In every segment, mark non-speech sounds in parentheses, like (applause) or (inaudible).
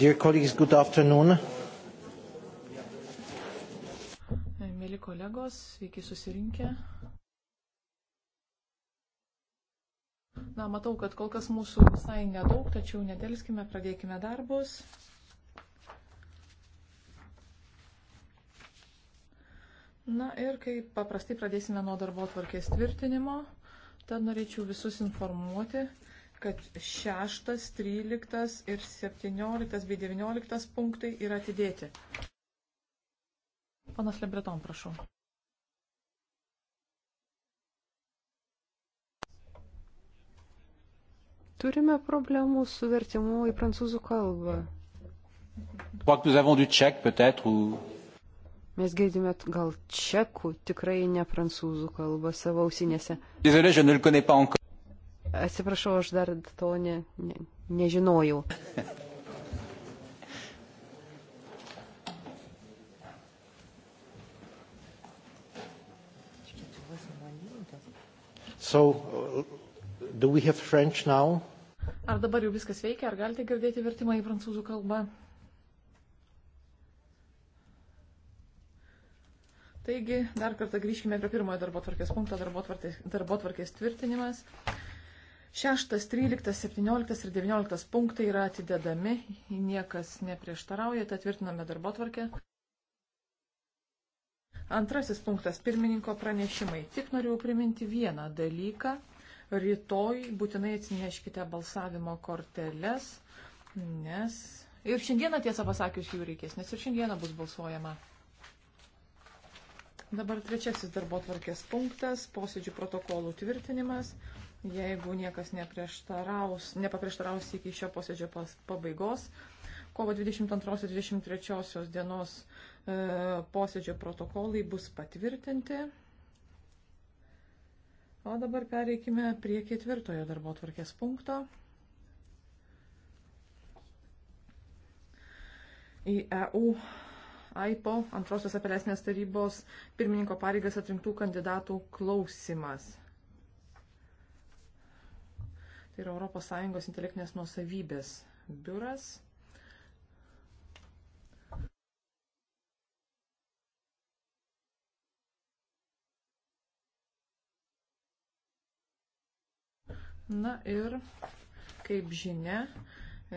Dear colleagues, good afternoon. Mėly kolegos, sveiki susirinkę. Na, matau, kad kol kas mūsų visai nedaug, tačiau nedelskime, pradėkime darbus. Na ir kaip paprastai pradėsime nuo darbo tvarkės tvirtinimo, tad norėčiau visus informuoti, kad 6, 13 ir 17 bei 19 punktai yra atidėti. Panas Lebreton, prašau. Turime problemų su vertimu į prancūzų kalbą. Mes girdime gal čekų, tikrai ne prancūzų kalbą savo ausinėse. Désolé, je ne le connais pas encore. Atsiprašau, aš dar to ne, ne, nežinojau. So, uh, do we have French now? Ar dabar jau viskas veikia, ar galite girdėti vertimą į prancūzų kalbą? Taigi, dar kartą grįžkime prie pirmojo darbo tvarkės punkto, darbo tvarkės, darbo tvarkės tvirtinimas. 6, 13, 17 ir 19 punktai yra atidedami, niekas neprieštarauja, tad tvirtiname darbo tvarkę. Antrasis punktas - pirmininko pranešimai. Tik noriu priminti vieną dalyką. Rytoj būtinai atsineškite balsavimo korteles, nes. Ir šiandieną, tiesą pasakius, jų reikės, nes ir šiandieną bus balsuojama. Dabar trečiasis darbo tvarkės punktas - posėdžių protokolų tvirtinimas jeigu niekas nepaprieštaraus iki šio posėdžio pabaigos. Kovo 22-23 dienos e, posėdžio protokolai bus patvirtinti. O dabar pereikime prie ketvirtojo darbo tvarkės punkto. Į EU AIPO antrosios apeliacinės tarybos pirmininko pareigas atrinktų kandidatų klausimas. Tai yra ES intelektinės nuosavybės biuras. Na ir, kaip žinia,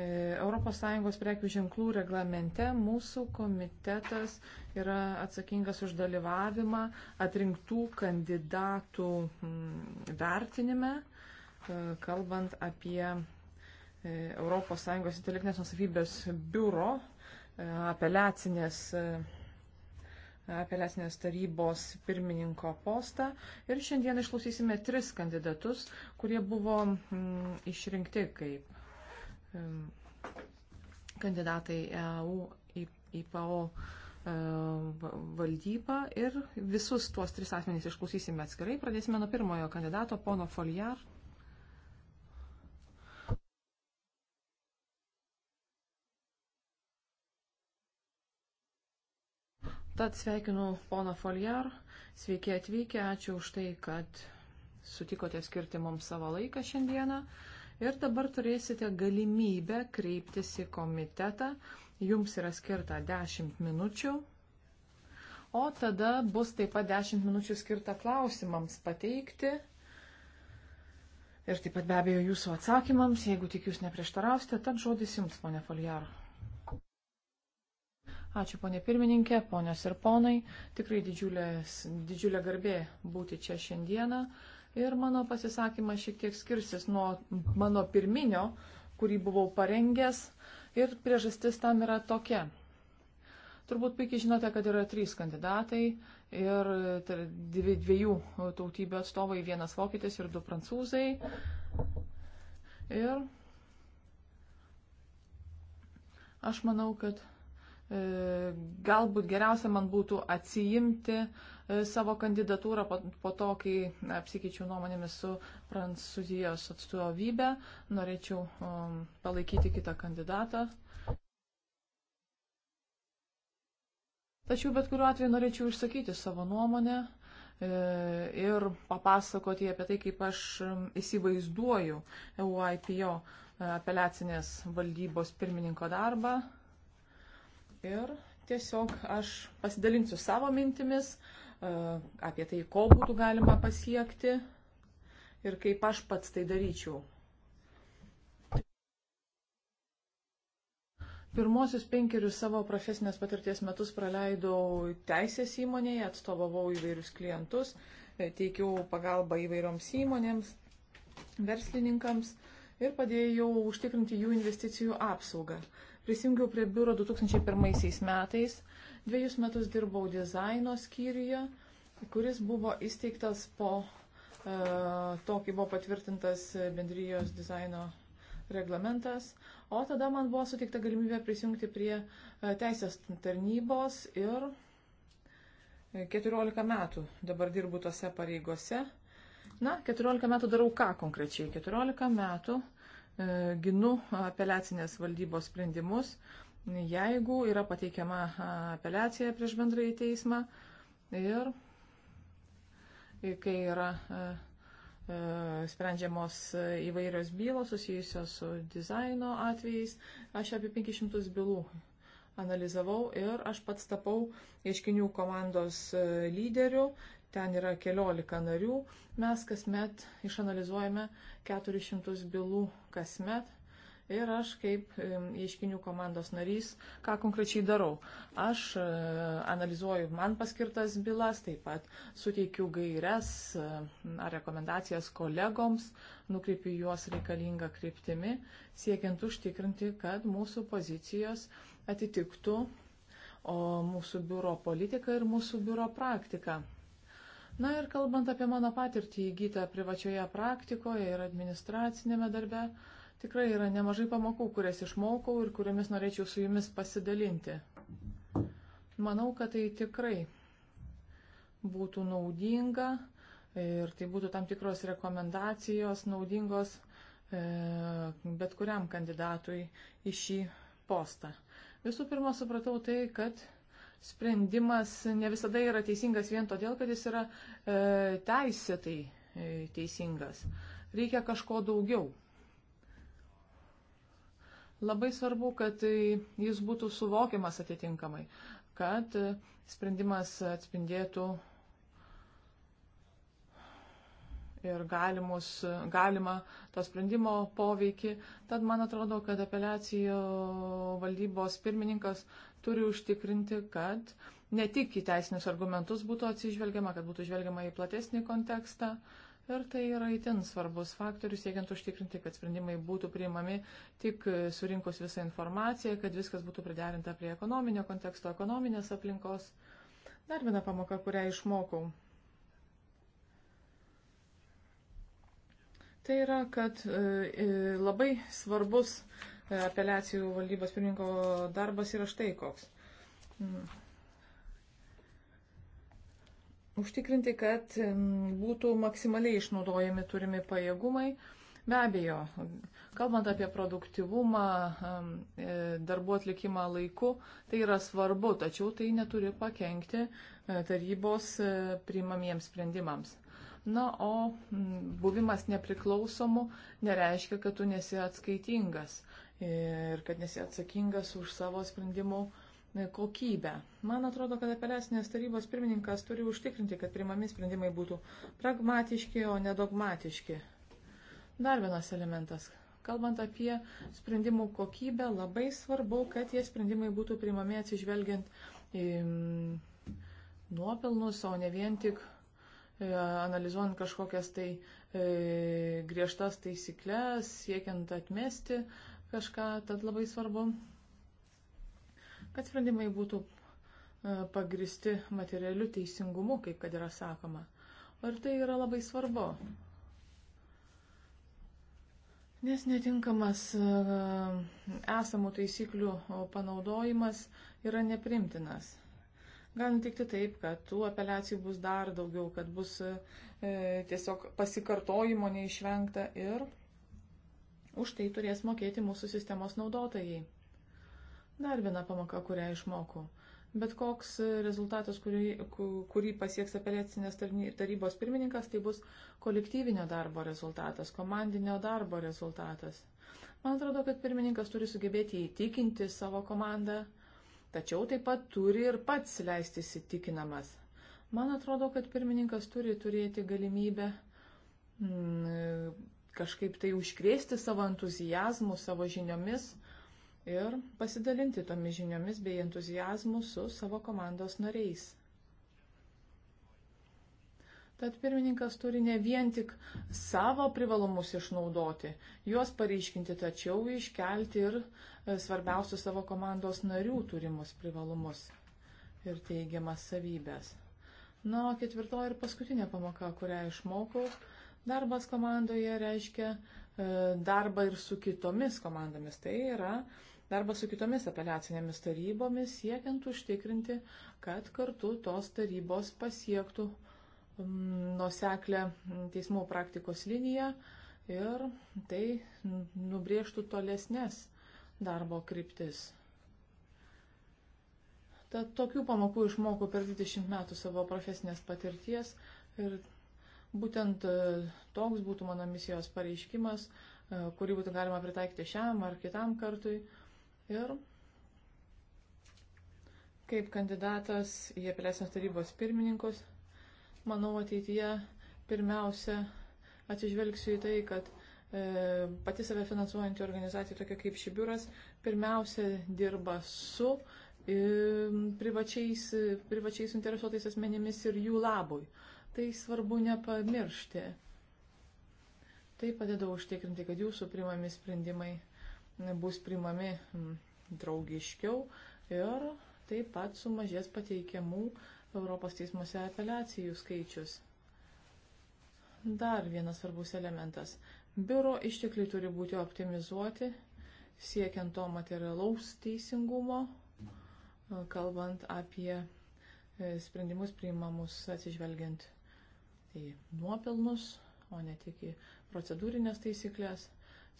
ES prekių ženklų reglamente mūsų komitetas yra atsakingas už dalyvavimą atrinktų kandidatų vertinime. E, kalbant apie ES intelektinės nusavybės biuro e, apeliacinės, e, apeliacinės tarybos pirmininko postą. Ir šiandien išklausysime tris kandidatus, kurie buvo m, mm, išrinkti kaip m, mm, kandidatai EU IPO valdybą ir visus tuos tris asmenys išklausysime atskirai. Pradėsime nuo pirmojo kandidato, pono Foljar. Tad sveikinu poną Foljar, sveiki atvykę, ačiū už tai, kad sutikote skirti mums savo laiką šiandieną. Ir dabar turėsite galimybę kreiptis į komitetą. Jums yra skirta 10 minučių. O tada bus taip pat 10 minučių skirta klausimams pateikti. Ir taip pat be abejo jūsų atsakymams, jeigu tik jūs neprieštarausite, tad žodis jums, ponė Foljar. Ačiū, ponė pirmininkė, ponios ir ponai. Tikrai didžiulės, didžiulė garbė būti čia šiandieną. Ir mano pasisakymas šiek tiek skirsis nuo mano pirminio, kurį buvau parengęs. Ir priežastis tam yra tokia. Turbūt puikiai žinote, kad yra trys kandidatai ir dviejų tautybių atstovai, vienas vokietis ir du prancūzai. Ir aš manau, kad E, galbūt geriausia man būtų atsijimti e, savo kandidatūrą po to, kai apsikeičiau nuomonėmis su Prancūzijos atstovybė, norėčiau palaikyti kitą kandidatą. Tačiau bet kuriuo atveju norėčiau išsakyti savo nuomonę e, ir papasakoti apie tai, kaip aš įsivaizduoju EUIPO apeliacinės valdybos pirmininko darbą. Ir tiesiog aš pasidalinsiu savo mintimis e, apie tai, ko būtų galima pasiekti ir kaip aš pats tai daryčiau. Pirmosius penkerius savo profesinės patirties metus praleidau teisės įmonėje, atstovavau įvairius klientus, e, teikiau pagalbą įvairioms įmonėms, verslininkams ir padėjau užtikrinti jų investicijų apsaugą. Prisijungiau prie biuro 2001 metais. Dviejus metus dirbau dizaino skyriuje, kuris buvo įsteigtas po e, to, kai buvo patvirtintas bendrijos dizaino reglamentas. O tada man buvo suteikta galimybė prisijungti prie e, teisės tarnybos ir 14 e, metų dabar dirbu tose pareigose. Na, 14 metų darau ką konkrečiai? 14 metų uh, E, ginu apeliacinės valdybos sprendimus, jeigu yra pateikiama apeliacija prieš bendrąjį teismą ir kai yra e, e, sprendžiamos įvairios bylos susijusios su dizaino atvejais. Aš apie 500 bylų analizavau ir aš pats tapau ieškinių komandos lyderiu ten yra keliolika narių, mes kasmet išanalizuojame 400 bylų kasmet. Ir aš kaip ieškinių komandos narys, ką konkrečiai darau? Aš e, analizuoju man paskirtas bylas, taip pat suteikiu gairias e, ar rekomendacijas kolegoms, nukreipiu juos reikalingą kryptimi, siekiant užtikrinti, kad mūsų pozicijos atitiktų o mūsų biuro politiką ir mūsų biuro praktiką. Na ir kalbant apie mano patirtį įgytą privačioje praktikoje ir administracinėme darbe, tikrai yra nemažai pamokų, kurias išmokau ir kuriamis norėčiau su jumis pasidalinti. Manau, kad tai tikrai būtų naudinga ir tai būtų tam tikros rekomendacijos naudingos e, bet kuriam kandidatui į šį postą. Visų pirma, supratau tai, kad sprendimas ne visada yra teisingas vien todėl, kad jis yra e, teisėtai e, teisingas. Reikia kažko daugiau. Labai svarbu, kad tai jis būtų suvokiamas atitinkamai, kad e, sprendimas atspindėtų ir galimus, galima to sprendimo poveikį. Tad man atrodo, kad apeliacijų valdybos pirmininkas turi užtikrinti, kad ne tik į teisinius argumentus būtų atsižvelgiama, kad būtų žvelgiama į platesnį kontekstą. Ir tai yra įtin svarbus faktorius, siekiant užtikrinti, kad sprendimai būtų priimami tik surinkus visą informaciją, kad viskas būtų priderinta prie ekonominio konteksto, ekonominės aplinkos. Dar viena pamoka, kurią išmokau. Tai yra, kad e, e, labai svarbus apeliacijų valdybos pirmininko darbas yra štai koks. Užtikrinti, kad būtų maksimaliai išnaudojami turimi pajėgumai. Be abejo, kalbant apie produktivumą, e, darbų atlikimą laiku, tai yra svarbu, tačiau tai neturi pakengti e, tarybos e, priimamiems sprendimams. Na, o buvimas nepriklausomu nereiškia, kad tu nesi atskaitingas ir kad nesi atsakingas už savo sprendimų e, kokybę. Man atrodo, kad apeliacinės tarybos pirmininkas turi užtikrinti, kad primami sprendimai būtų pragmatiški, o nedogmatiški. Dar vienas elementas. Kalbant apie sprendimų kokybę, labai svarbu, kad tie sprendimai būtų primami atsižvelgiant į mm, nuopelnus, o ne vien tik e, analizuojant kažkokias tai e, griežtas taisyklės, siekiant atmesti kažką, tad labai svarbu, kad sprendimai būtų e, pagristi materialiu teisingumu, kaip kad yra sakoma. Ir tai yra labai svarbu. Nes netinkamas e, esamų taisyklių panaudojimas yra neprimtinas. Gali tikti taip, kad tų apeliacijų bus dar daugiau, kad bus e, tiesiog pasikartojimo neišvengta ir Už tai turės mokėti mūsų sistemos naudotojai. Dar viena pamoka, kurią išmokau. Bet koks rezultatas, kurį, kurį pasieks apeliacinės tarybos pirmininkas, tai bus kolektyvinio darbo rezultatas, komandinio darbo rezultatas. Man atrodo, kad pirmininkas turi sugebėti įtikinti savo komandą, tačiau taip pat turi ir pats leisti įsitikinamas. Man atrodo, kad pirmininkas turi turėti galimybę mm, kažkaip tai užkrėsti savo entuzijazmų, savo žiniomis ir pasidalinti tomis žiniomis bei entuzijazmu su savo komandos nariais. Tad pirmininkas turi ne vien tik savo privalumus išnaudoti, juos pareiškinti, tačiau iškelti ir e, svarbiausius savo komandos narių turimus privalumus ir teigiamas savybės. Na, ketvirtoji ir paskutinė pamoka, kurią išmokau, Darbas komandoje reiškia e, darbą ir su kitomis komandomis. Tai yra darbas su kitomis apeliacinėmis tarybomis, siekiant užtikrinti, kad kartu tos tarybos pasiektų nuseklę teismų praktikos liniją ir tai nubrėžtų tolesnės darbo kryptis. Tad tokių pamokų išmokau per 20 metų savo profesinės patirties ir Būtent e, toks būtų mano misijos pareiškimas, e, kurį būtų galima pritaikyti šiam ar kitam kartui. Ir kaip kandidatas į apeliacinės tarybos pirmininkus, manau ateityje pirmiausia atsižvelgsiu į tai, kad e, pati save finansuojanti organizacija, tokia kaip ši biuras, pirmiausia dirba su e, privačiais, privačiais interesuotais asmenimis ir jų labui. E, Tai svarbu nepamiršti. Tai padeda užtikrinti, kad jūsų primami sprendimai bus primami mm, draugiškiau ir taip pat sumažės pateikiamų Europos teismuose apeliacijų skaičius. Dar vienas svarbus elementas. Biuro ištekliai turi būti optimizuoti, siekiant to materialaus teisingumo, kalbant apie e, sprendimus priimamus atsižvelgiant į nuopelnus, o ne tik į procedūrinės taisyklės.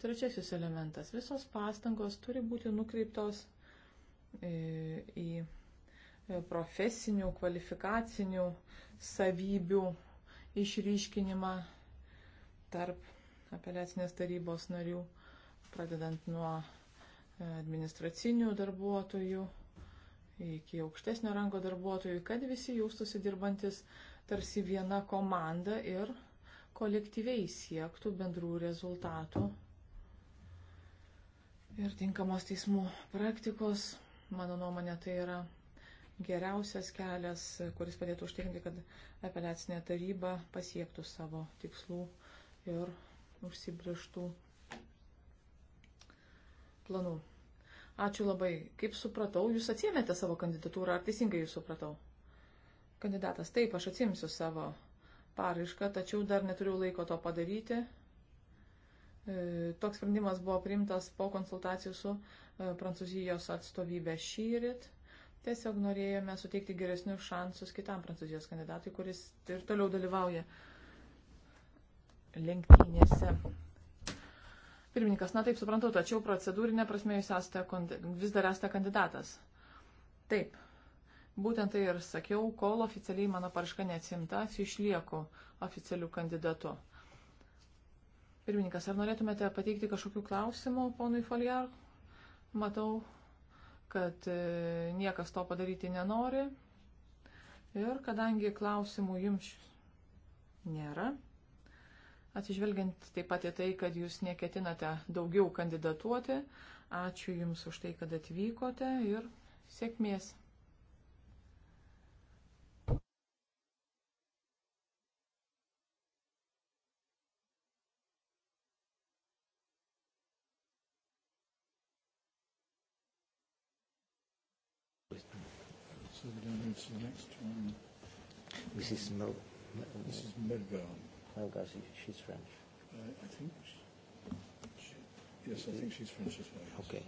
Trečiasis elementas. Visos pastangos turi būti nukreiptos e, į e, profesinių, kvalifikacinių savybių išryškinimą tarp apeliacinės tarybos narių, pradedant nuo e, administracinių darbuotojų iki aukštesnio rango darbuotojų, kad visi jaustųsi dirbantis tarsi viena komanda ir kolektyviai siektų bendrų rezultatų ir tinkamos teismų praktikos. Mano nuomonė tai yra geriausias kelias, kuris padėtų užtikrinti, kad apeliacinė taryba pasiektų savo tikslų ir užsibrieštų planų. Ačiū labai. Kaip supratau, jūs atsiemėte savo kandidatūrą, ar teisingai jūs supratau? Kandidatas, taip, aš atsimsiu savo paraišką, tačiau dar neturiu laiko to padaryti. E, toks sprendimas buvo priimtas po konsultacijų su e, Prancūzijos atstovybė šyrit. Tiesiog norėjome suteikti geresnius šansus kitam Prancūzijos kandidatui, kuris ir toliau dalyvauja lenktynėse. Pirmininkas, na taip suprantu, tačiau procedūrinė prasme jūs esate, vis dar esate kandidatas. Taip, Būtent tai ir sakiau, kol oficialiai mano paraška neatsimta, aš išlieku oficialių kandidatų. Pirmininkas, ar norėtumėte pateikti kažkokių klausimų ponui Foliar? Matau, kad e, niekas to padaryti nenori. Ir kadangi klausimų jums nėra, atsižvelgiant taip pat į tai, kad jūs neketinate daugiau kandidatuoti, ačiū Jums už tai, kad atvykote ir sėkmės. What's the next one? Mrs. Mel. Mrs. Medbourne. Melgar, she's French. Uh, I think. She, yes, I think she's French as well. Yes. Okay.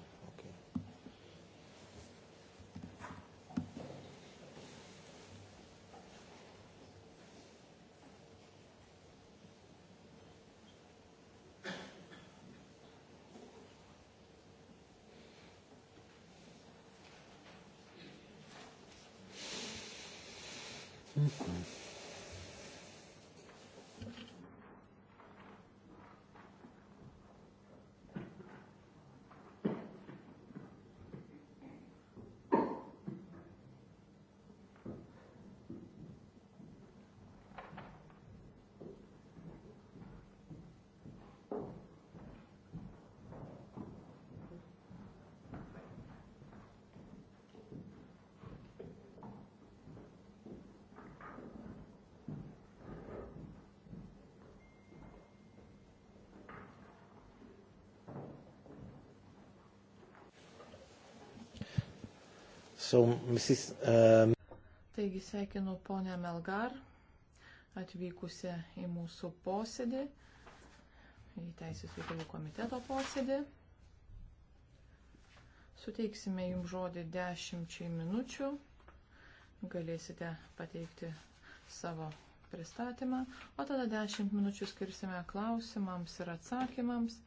So, Mrs, um... Taigi sveikinu ponę Melgar atvykusią į mūsų posėdį, į Teisės reikalų komiteto posėdį. Suteiksime jums žodį dešimčiai minučių. Galėsite pateikti savo pristatymą, o tada 10 minučių skirsime klausimams ir atsakymams.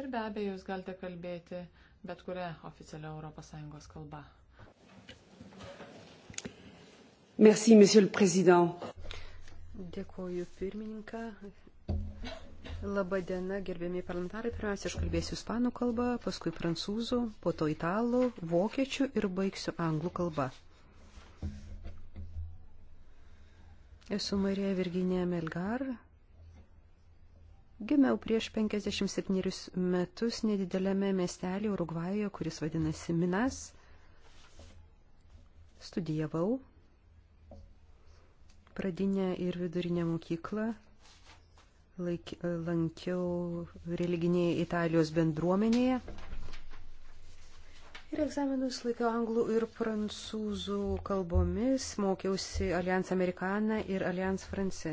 Ir be abejo, jūs galite kalbėti bet kurią oficialią ES kalbą. Merci, monsieur le président. Dėkuoju pirmininką. Labadiena, gerbėmiai parlamentarai. Pirmiausia, aš kalbėsiu ispanų kalbą, paskui prancūzų, po to italų, vokiečių ir baigsiu anglų kalbą. Esu Marija Virginija Melgar. Gimiau prieš 57 metus nedidelėme miestelį Urugvajoje, kuris vadinasi Minas. Studijavau Pradinę ir vidurinę mokyklą laik, lankiau religinėje Italijos bendruomenėje. Ir egzaminus laikiau anglų ir prancūzų kalbomis, mokiausi Allianz Amerikana ir Allianz France.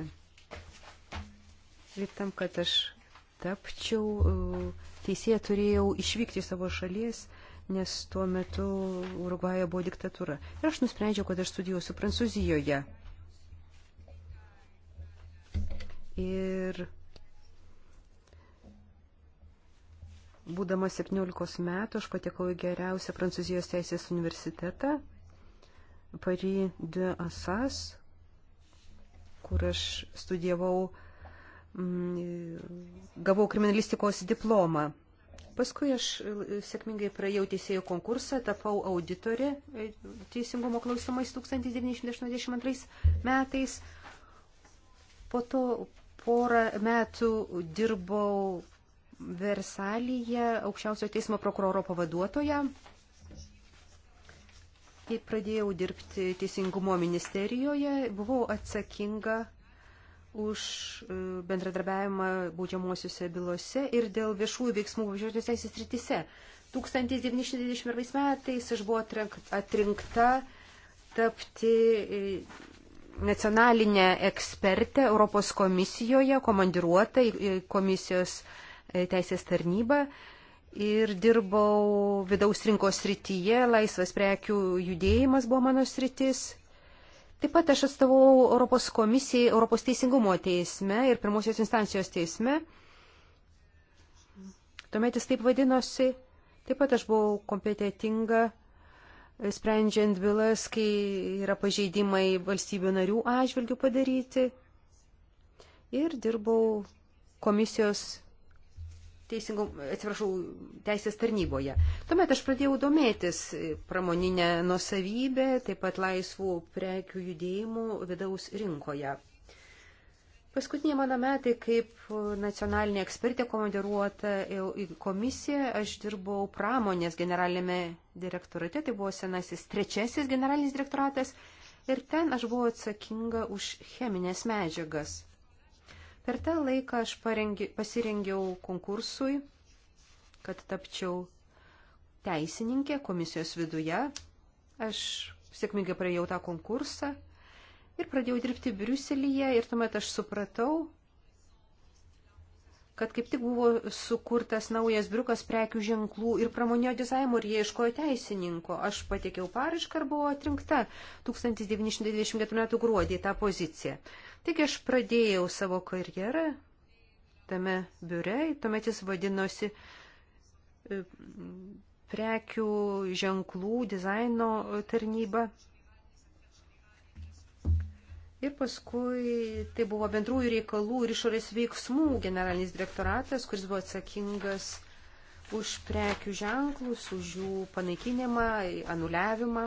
Ir tam, kad aš tapčiau uh, teisėje, turėjau išvykti iš savo šalies, nes tuo metu Urugvajoje buvo diktatūra. Ir aš nusprendžiau, kad aš studijuosiu Prancūzijoje. Ir būdama 17 metų aš patekau į geriausią Prancūzijos teisės universitetą, Paris de Assas, kur aš studijavau, mm, gavau kriminalistikos diplomą. Paskui aš e, sėkmingai praėjau teisėjų konkursą, tapau auditorė e, teisingumo klausimais 1982 metais. Po to porą metų dirbau Versalyje aukščiausio teismo prokuroro pavaduotoje. Kai pradėjau dirbti Teisingumo ministerijoje, buvau atsakinga už e, bendradarbiavimą baudžiamuosiuose bylose ir dėl viešųjų veiksmų važiuotės teisės rytise. 1991 metais aš buvau atrinkta tapti e, nacionalinę ekspertę Europos komisijoje, komandiruotą į komisijos e, teisės tarnybą ir dirbau vidaus rinkos srityje, laisvas prekių judėjimas buvo mano sritis. Taip pat aš atstovau Europos komisijai, Europos teisingumo teisme ir pirmosios instancijos teisme. Tuomet jis taip vadinosi. Taip pat aš buvau kompetitinga sprendžiant bylas, kai yra pažeidimai valstybių narių atžvilgių padaryti. Ir dirbau komisijos teisingo, atsiprašau, teisės tarnyboje. Tuomet aš pradėjau domėtis pramoninę nusavybę, taip pat laisvų prekių judėjimų vidaus rinkoje. Paskutinė mano metai kaip nacionalinė ekspertė komandiruota į komisiją, aš dirbau pramonės generalinėme direktorate, tai buvo senasis trečiasis generalinis direktoratas ir ten aš buvau atsakinga už cheminės medžiagas. Per tą laiką aš parengi, pasirengiau konkursui, kad tapčiau teisininkė komisijos viduje. Aš sėkmingai praėjau tą konkursą ir pradėjau dirbti Briuselyje ir tuomet aš supratau, kad kaip tik buvo sukurtas naujas briukas prekių ženklų ir pramoninio dizaino ir jie iškojo teisininko. Aš patikėjau paraišką ir buvau atrinkta 1924 m. gruodį tą poziciją. Taigi aš pradėjau savo karjerą tame biure, tuomet jis vadinosi e, prekių ženklų dizaino tarnyba. Ir paskui tai buvo bendrųjų reikalų ir išorės veiksmų generalinis direktoratas, kuris buvo atsakingas už prekių ženklus, už jų panaikinimą, anuliavimą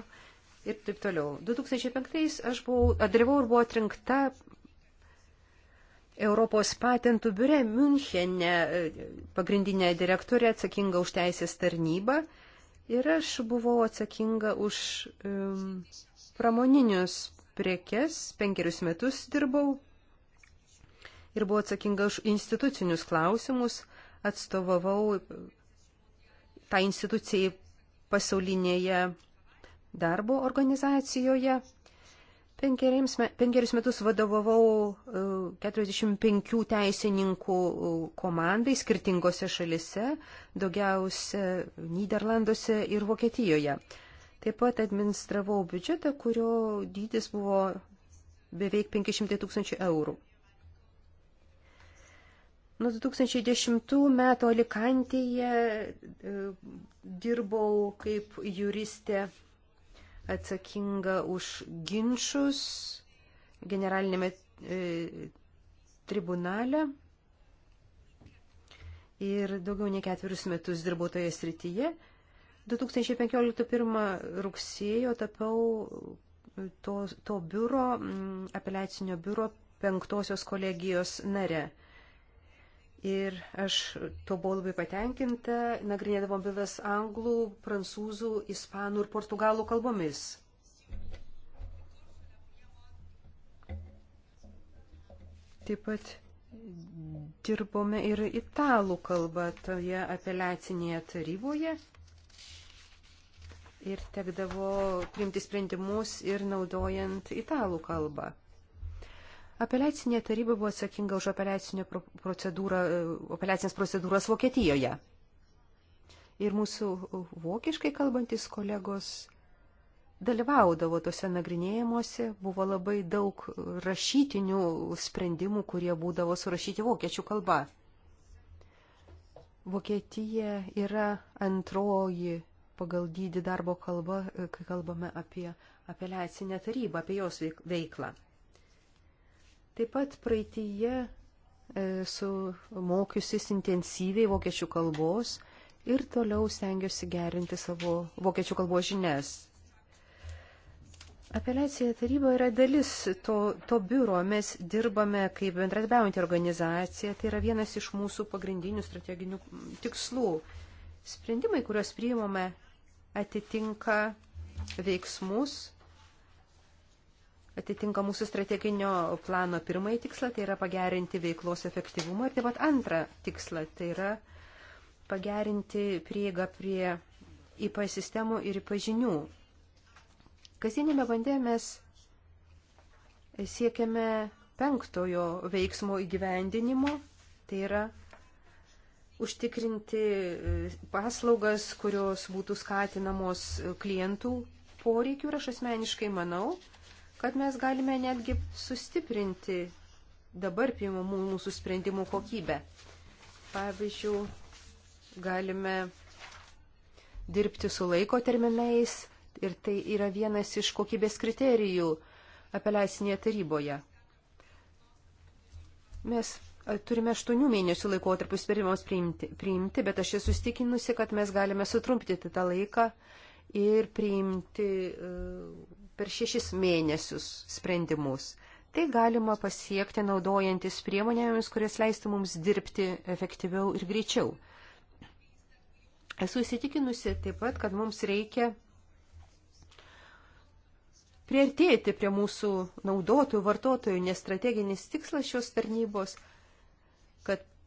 ir taip toliau. 2005 aš buvau, atdarivau ir buvau atrinkta Europos patentų biure Münchenė, e, pagrindinė direktorė atsakinga už teisės tarnybą ir aš buvau atsakinga už um, pramoninius prekes, penkerius metus dirbau ir buvau atsakinga už institucinius klausimus, atstovavau tą institucijai pasaulinėje darbo organizacijoje. Penkerius, penkerius metus vadovavau 45 e, teisininkų e, komandai skirtingose šalise, daugiausia Niderlanduose ir Vokietijoje. Taip pat administravau biudžetą, kurio dydis buvo beveik 500 tūkstančių eurų. Nuo 2010 metų Alikantėje e, dirbau kaip juristė atsakinga už ginčius generalinėme e, tribunale. Ir daugiau nei ketverius metus dirbau toje srityje. 2015 rugsėjo tapau to, to biuro, mm, apeliacinio biuro penktosios kolegijos nare. Ir aš to buvau labai patenkinta, nagrinėdavom bylas anglų, prancūzų, ispanų ir portugalų kalbomis. Taip pat dirbome ir italų kalbą toje apeliacinėje taryboje ir tekdavo priimti sprendimus ir naudojant italų kalbą. Apeliacinė taryba buvo atsakinga už procedūrą, apeliacinės procedūras Vokietijoje. Ir mūsų vokiškai kalbantis kolegos dalyvaudavo tose nagrinėjimuose, buvo labai daug rašytinių sprendimų, kurie būdavo surašyti vokiečių kalba. Vokietija yra antroji pagal dydį darbo kalbą, e, kai kalbame apie apeliacinę tarybą, apie jos veiklą. Taip pat praeitįje e, su mokiusis intensyviai vokiečių kalbos ir toliau stengiuosi gerinti savo vokiečių kalbos žinias. Apeliacija taryba yra dalis to, to biuro. Mes dirbame kaip bendradarbiaujanti organizacija. Tai yra vienas iš mūsų pagrindinių strateginių tikslų. Sprendimai, kuriuos priimame, atitinka veiksmus, atitinka mūsų strateginio plano pirmąjį tikslą, tai yra pagerinti veiklos efektyvumą ir taip pat antrą tikslą, tai yra pagerinti prieigą prie IPA sistemų ir pažinių. Kasdienėme bandė mes siekiame penktojo veiksmo įgyvendinimo, tai yra užtikrinti e, paslaugas, kurios būtų skatinamos e, klientų poreikių ir aš asmeniškai manau, kad mes galime netgi sustiprinti dabar priimamų mūsų sprendimų kokybę. Pavyzdžiui, galime dirbti su laiko terminais ir tai yra vienas iš kokybės kriterijų apeliacinėje taryboje. Mes Turime aštuonių mėnesių laikotarpius sprendimams priimti, priimti, bet aš esu stikinusi, kad mes galime sutrumpinti tą laiką ir priimti e, per šešis mėnesius sprendimus. Tai galima pasiekti naudojantis priemonėmis, kurias leistų mums dirbti efektyviau ir greičiau. Esu įsitikinusi taip pat, kad mums reikia priartėti prie mūsų naudotojų, vartotojų, nes strateginis tikslas šios tarnybos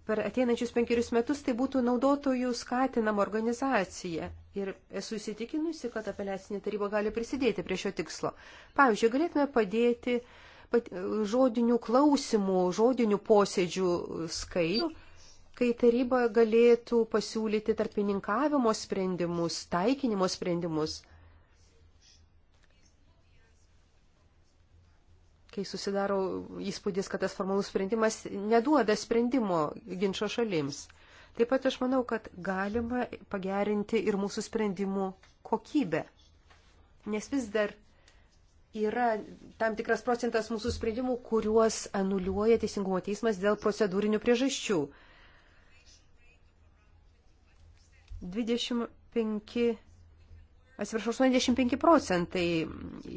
per ateinančius penkerius metus tai būtų naudotojų skatinama organizacija. Ir esu įsitikinusi, kad apeliacinė taryba gali prisidėti prie šio tikslo. Pavyzdžiui, galėtume padėti pat, žodinių klausimų, žodinių posėdžių skaičių, kai taryba galėtų pasiūlyti tarpininkavimo sprendimus, taikinimo sprendimus. kai susidaro įspūdis, kad tas formalus sprendimas neduoda sprendimo ginčio šalims. Taip pat aš manau, kad galima pagerinti ir mūsų sprendimų kokybę. Nes vis dar yra tam tikras procentas mūsų sprendimų, kuriuos anuliuoja Teisingumo teismas dėl procedūrinių priežasčių. 25 atsiprašau, 85 procentai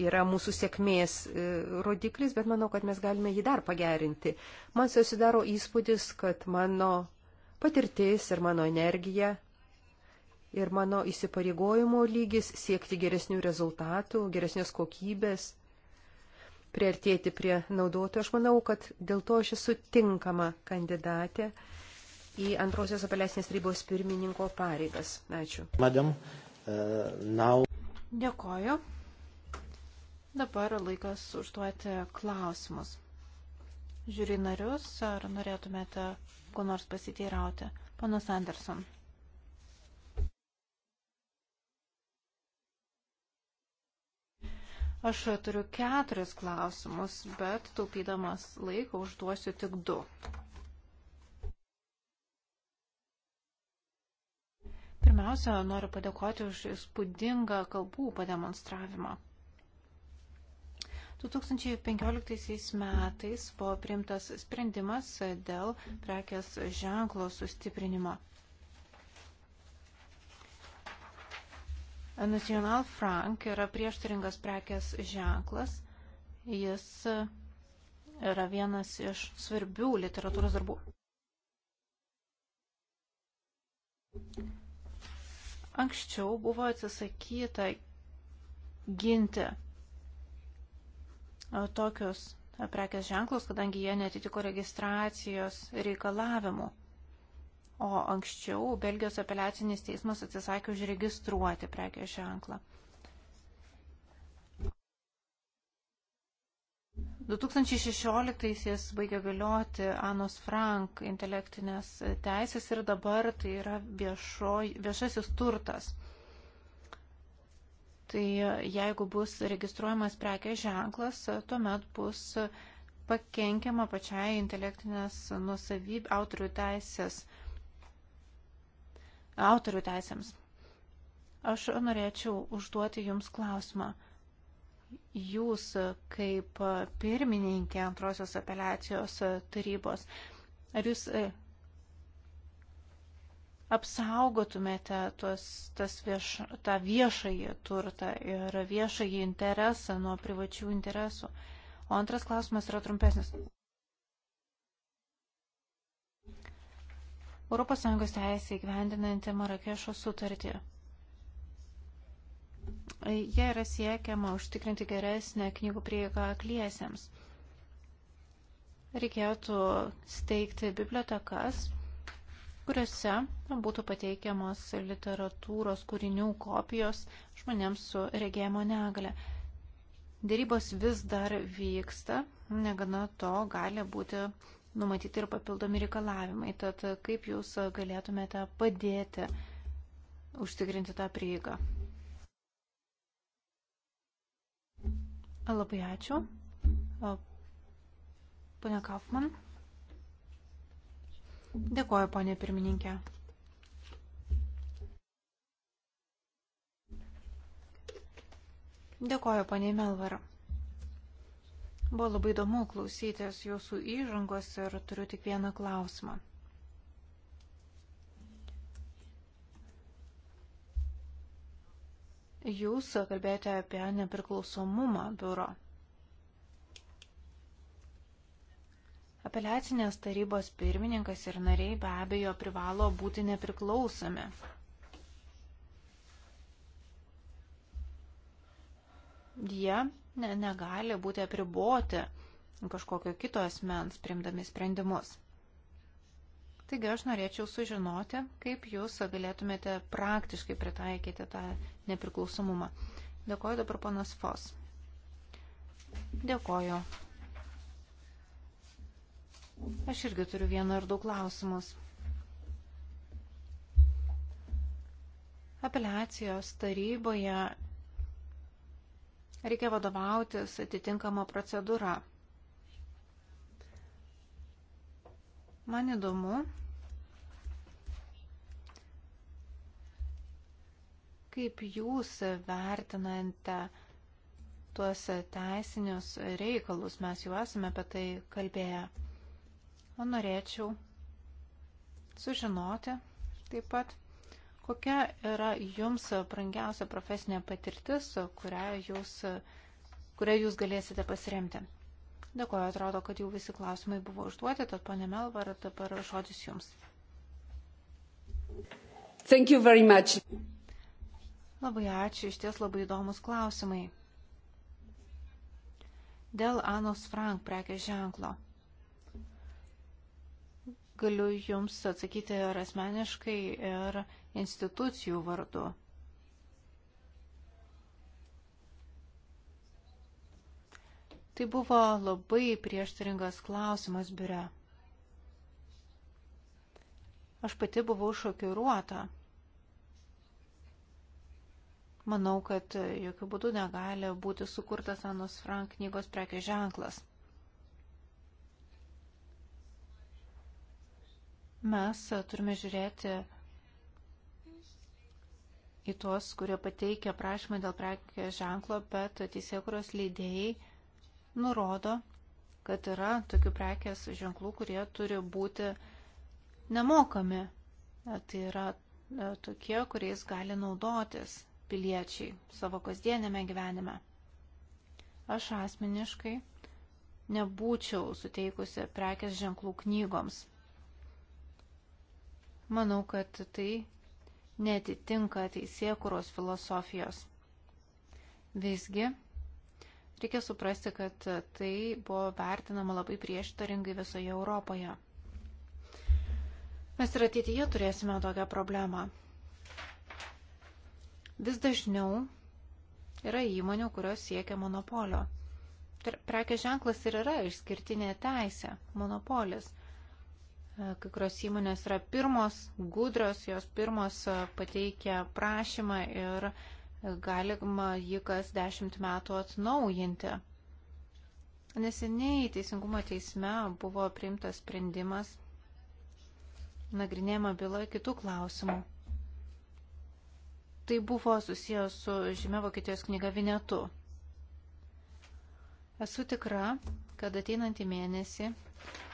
yra mūsų sėkmės e, rodiklis, bet manau, kad mes galime jį dar pagerinti. Man susidaro įspūdis, kad mano patirtis ir mano energija ir mano įsipareigojimo lygis siekti geresnių rezultatų, geresnės kokybės, priartėti prie naudotojų, aš manau, kad dėl to aš esu tinkama kandidatė į antrosios apeliacinės rybos pirmininko pareigas. Ačiū. Madam, Uh, now... Dėkoju. Dabar laikas užduoti klausimus. Žiūri narius, ar norėtumėte ko nors pasiteirauti? Panas Anderson. Aš turiu keturis klausimus, bet taupydamas laiką užduosiu tik du. Pirmiausia, noriu padėkoti už įspūdingą kalbų pademonstravimą. 2015 metais buvo priimtas sprendimas dėl prekės ženklo sustiprinimo. National Frank yra prieštaringas prekės ženklas. Jis yra vienas iš svarbių literatūros darbų. Anksčiau buvo atsisakyta ginti e, tokius e, prekės ženklus, kadangi jie netitiko registracijos reikalavimų. O anksčiau Belgijos apeliacinis teismas atsisakė užregistruoti prekės ženklą. 2016-aisiais baigė galioti Anos Frank intelektinės teisės ir dabar tai yra viešo, viešasis turtas. Tai jeigu bus registruojamas prekės ženklas, tuomet bus pakenkiama pačiai intelektinės nusavybė autorių teisės. Autorių teisėms. Aš norėčiau užduoti Jums klausimą jūs kaip pirmininkė antrosios apeliacijos tarybos, ar jūs e, apsaugotumėte tuos, tas vieš, tą viešąjį turtą ir viešąjį interesą nuo privačių interesų? O antras klausimas yra trumpesnis. ES teisė įgyvendinanti Marakešo sutartį Jie yra siekiama užtikrinti geresnę knygų prieigą akliesiems. Reikėtų steigti bibliotekas, kuriuose būtų pateikiamos literatūros kūrinių kopijos žmonėms su regėjimo negale. Dėrybos vis dar vyksta, negana to gali būti numatyti ir papildomi reikalavimai. Tad kaip jūs galėtumėte padėti užtikrinti tą prieigą? Labai ačiū. Pane Kaufman. Dėkuoju, ponė pirmininkė. Dėkuoju, ponė Melvar. Buvo labai įdomu klausytis jūsų įžangos ir turiu tik vieną klausimą. Jūs kalbėjote apie nepriklausomumą biuro. Apeliacinės tarybos pirmininkas ir nariai be abejo privalo būti nepriklausomi. Jie ne, negali būti apriboti kažkokio kito asmens priimdami sprendimus. Taigi aš norėčiau sužinoti, kaip jūs galėtumėte praktiškai pritaikyti tą nepriklausomumą. Dėkoju dabar panas Fos. Dėkoju. Aš irgi turiu vieną ar du klausimus. Apeliacijos taryboje reikia vadovautis atitinkama procedūra. Man įdomu, Kaip jūs vertinate tuos teisinius reikalus, mes jau esame apie tai kalbėję. O norėčiau sužinoti taip pat, kokia yra jums brangiausia profesinė patirtis, kurią jūs, kurią jūs galėsite pasiremti. Dėkuoju, atrodo, kad jau visi klausimai buvo užduoti, tad ponė Melvar, dabar žodis jums. Thank you very much. Labai ačiū, iš ties labai įdomus klausimai. Dėl Anos Frank prekės ženklo. Galiu Jums atsakyti ir asmeniškai, ir institucijų vardu. Tai buvo labai prieštaringas klausimas biure. Aš pati buvau šokiruota. Manau, kad jokių būdų negali būti sukurtas Anos Frank knygos prekės ženklas. Mes turime žiūrėti į tuos, kurie pateikia prašymą dėl prekės ženklo, bet teisėkuros leidėjai nurodo, kad yra tokių prekės ženklų, kurie turi būti nemokami. Tai yra e, tokie, kuriais gali naudotis piliečiai savo kasdienėme gyvenime. Aš asmeniškai nebūčiau suteikusi prekės ženklų knygoms. Manau, kad tai netitinka teisėkuros filosofijos. Visgi, reikia suprasti, kad tai buvo vertinama labai prieštaringai visoje Europoje. Mes ir ateityje turėsime tokią problemą. Vis dažniau yra įmonių, kurios siekia monopolio. Prekės ženklas ir yra išskirtinė teisė, monopolis. E, kai kurios įmonės yra pirmos, gudros, jos pirmos e, pateikia prašymą ir e, galima jį kas dešimt metų atnaujinti. Neseniai Teisingumo teisme buvo priimtas sprendimas nagrinėjama byla kitų klausimų. Tai buvo susijęs su žymė Vokietijos knyga Vinetu. Esu tikra, kad ateinantį mėnesį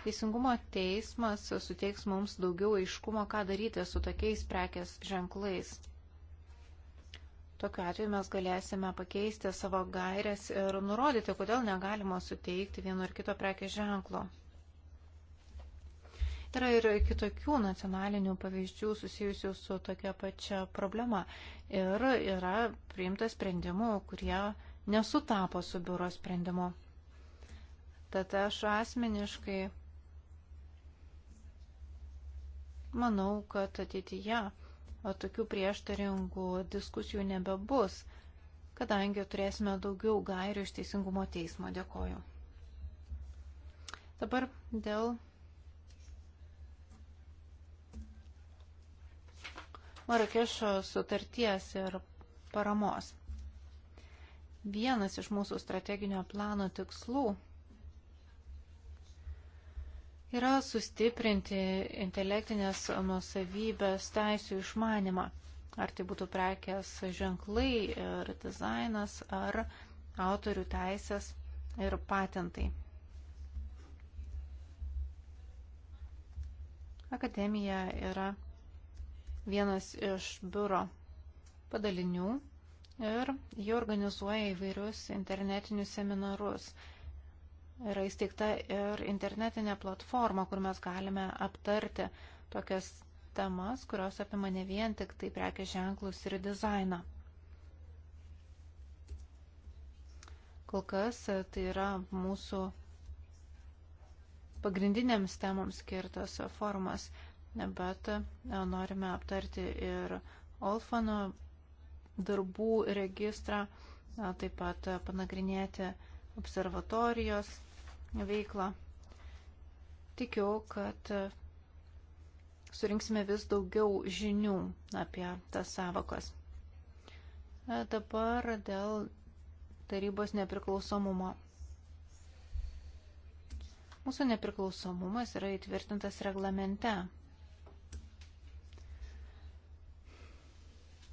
Teisingumo teismas suteiks mums daugiau aiškumo, ką daryti su tokiais prekės ženklais. Tokiu atveju mes galėsime pakeisti savo gairias ir nurodyti, kodėl negalima suteikti vieno ar kito prekės ženklo. Yra ir kitokių nacionalinių pavyzdžių susijusių su tokia pačia problema. Ir yra priimta sprendimų, kurie nesutapo su biuro sprendimu. Tad aš asmeniškai manau, kad ateityje tokių prieštaringų diskusijų nebebus, kadangi turėsime daugiau gairių iš Teisingumo teismo. Dėkoju. Dabar dėl Marakešo sutarties ir paramos. Vienas iš mūsų strateginio plano tikslų yra sustiprinti intelektinės nusavybės teisų išmanimą. Ar tai būtų prekės ženklai ir dizainas, ar autorių teisės ir patentai. Akademija yra vienas iš biuro padalinių ir jie organizuoja įvairius internetinius seminarus. Yra įsteigta ir internetinė platforma, kur mes galime aptarti tokias temas, kurios apima ne vien tik tai prekės ženklus ir dizainą. Kol kas e, tai yra mūsų pagrindinėms temams skirtas e, formas bet e, norime aptarti ir Olfano darbų registrą, e, taip pat e, panagrinėti observatorijos veiklą. Tikiu, kad surinksime vis daugiau žinių apie tas savokas. Dabar dėl tarybos nepriklausomumo. Mūsų nepriklausomumas yra įtvirtintas reglamente.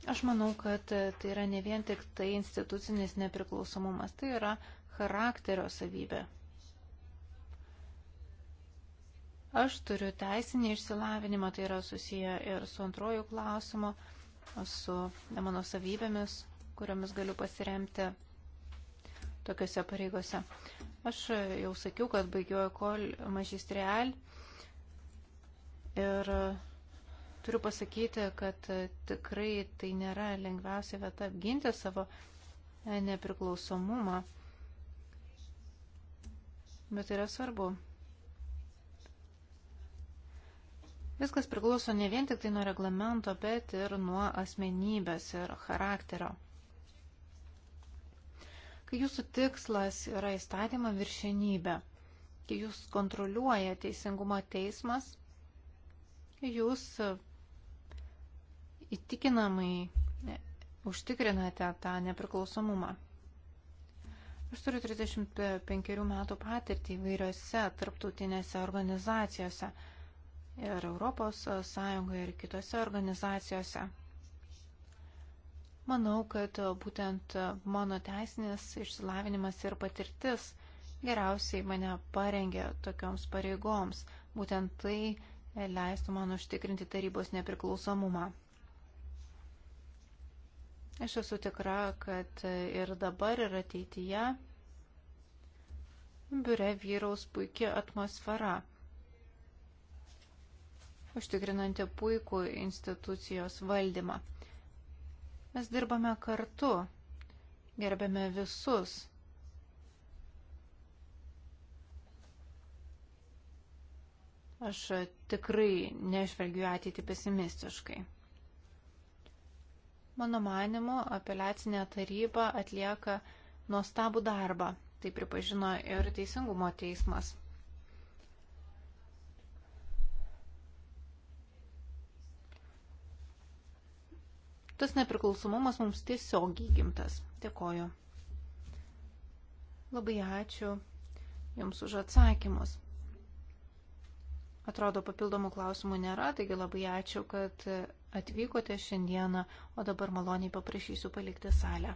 Aš manau, kad tai yra ne vien tik tai institucinis nepriklausomumas, tai yra charakterio savybė. Aš turiu teisinį išsilavinimą, tai yra susiję ir su antrojų klausimu, su mano savybėmis, kuriomis galiu pasiremti tokiuose pareigose. Aš jau sakiau, kad baigiau kol mažistreal ir Turiu pasakyti, kad e, tikrai tai nėra lengviausia vieta apginti savo e, nepriklausomumą. Bet tai yra svarbu. Viskas priklauso ne vien tik tai nuo reglamento, bet ir nuo asmenybės ir charakterio. Kai jūsų tikslas yra įstatymą viršenybė, kai jūs kontroliuoja teisingumo teismas, jūs įtikinamai užtikrinate tą nepriklausomumą. Aš turiu 35 metų patirtį įvairiose tarptautinėse organizacijose ir Europos Sąjungoje ir kitose organizacijose. Manau, kad būtent mano teisinis išsilavinimas ir patirtis geriausiai mane parengė tokioms pareigoms. Būtent tai leistų man užtikrinti tarybos nepriklausomumą. Aš esu tikra, kad ir dabar, ir ateityje biure vyraus puikia atmosfera, užtikrinanti puikų institucijos valdymą. Mes dirbame kartu, gerbėme visus. Aš tikrai nežvelgiu ateitį pesimistiškai. Mano manimu, apeliacinė taryba atlieka nuostabų darbą. Tai pripažino ir Teisingumo teismas. Tas nepriklausomumas mums tiesiog įgimtas. Dėkoju. Labai ačiū Jums už atsakymus. Atrodo, papildomų klausimų nėra, taigi labai ačiū, kad atvykote šiandieną, o dabar maloniai paprašysiu palikti salę.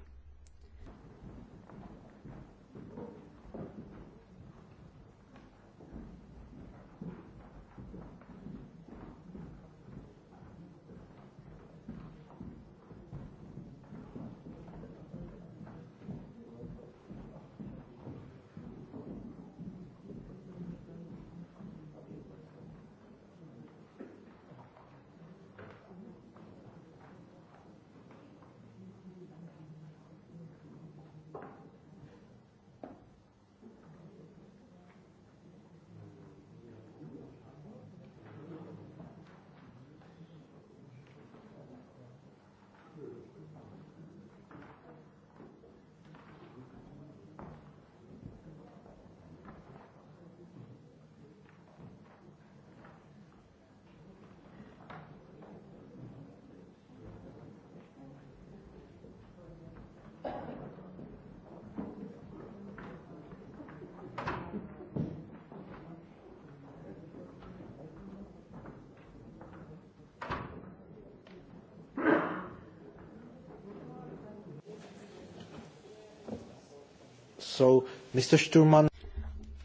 So, Mr. Šturman.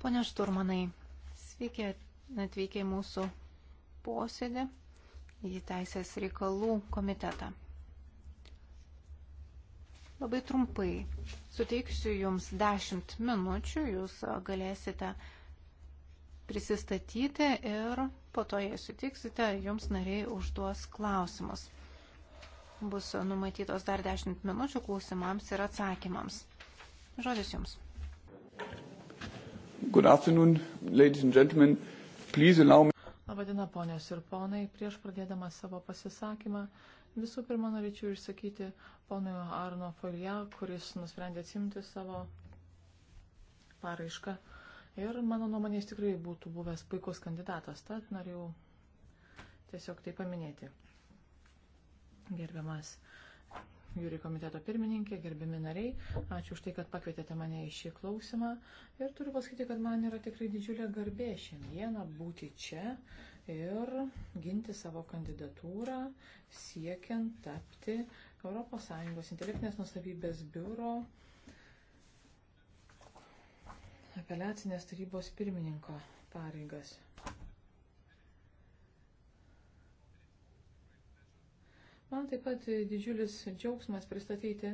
Pone Šturmanai, sveiki atvykę į mūsų posėdį į Teisės reikalų komitetą. Labai trumpai suteiksiu Jums 10 minučių, Jūs galėsite prisistatyti ir po to, jei sutiksite, Jums nariai užduos klausimus. Bus numatytos dar 10 minučių klausimams ir atsakymams. Žodis Jums. Good afternoon, ladies and gentlemen. Please allow me. Labadiena, ponios ir ponai. Prieš pradėdama savo pasisakymą, visų pirma norėčiau išsakyti ponui Arno Folija, kuris nusprendė atsimti savo paraišką. Ir mano nuomonė jis tikrai būtų buvęs puikus kandidatas, tad norėjau tiesiog tai paminėti. Gerbiamas uh, jūri komiteto pirmininkė, gerbiami nariai. Ačiū už tai, kad pakvietėte mane į šį klausimą. Ir turiu pasakyti, kad man yra tikrai didžiulė garbė šiandieną būti čia ir ginti savo kandidatūrą, siekiant tapti ES intelektinės nusavybės biuro apeliacinės tarybos pirmininko pareigas. Man taip pat didžiulis džiaugsmas pristatyti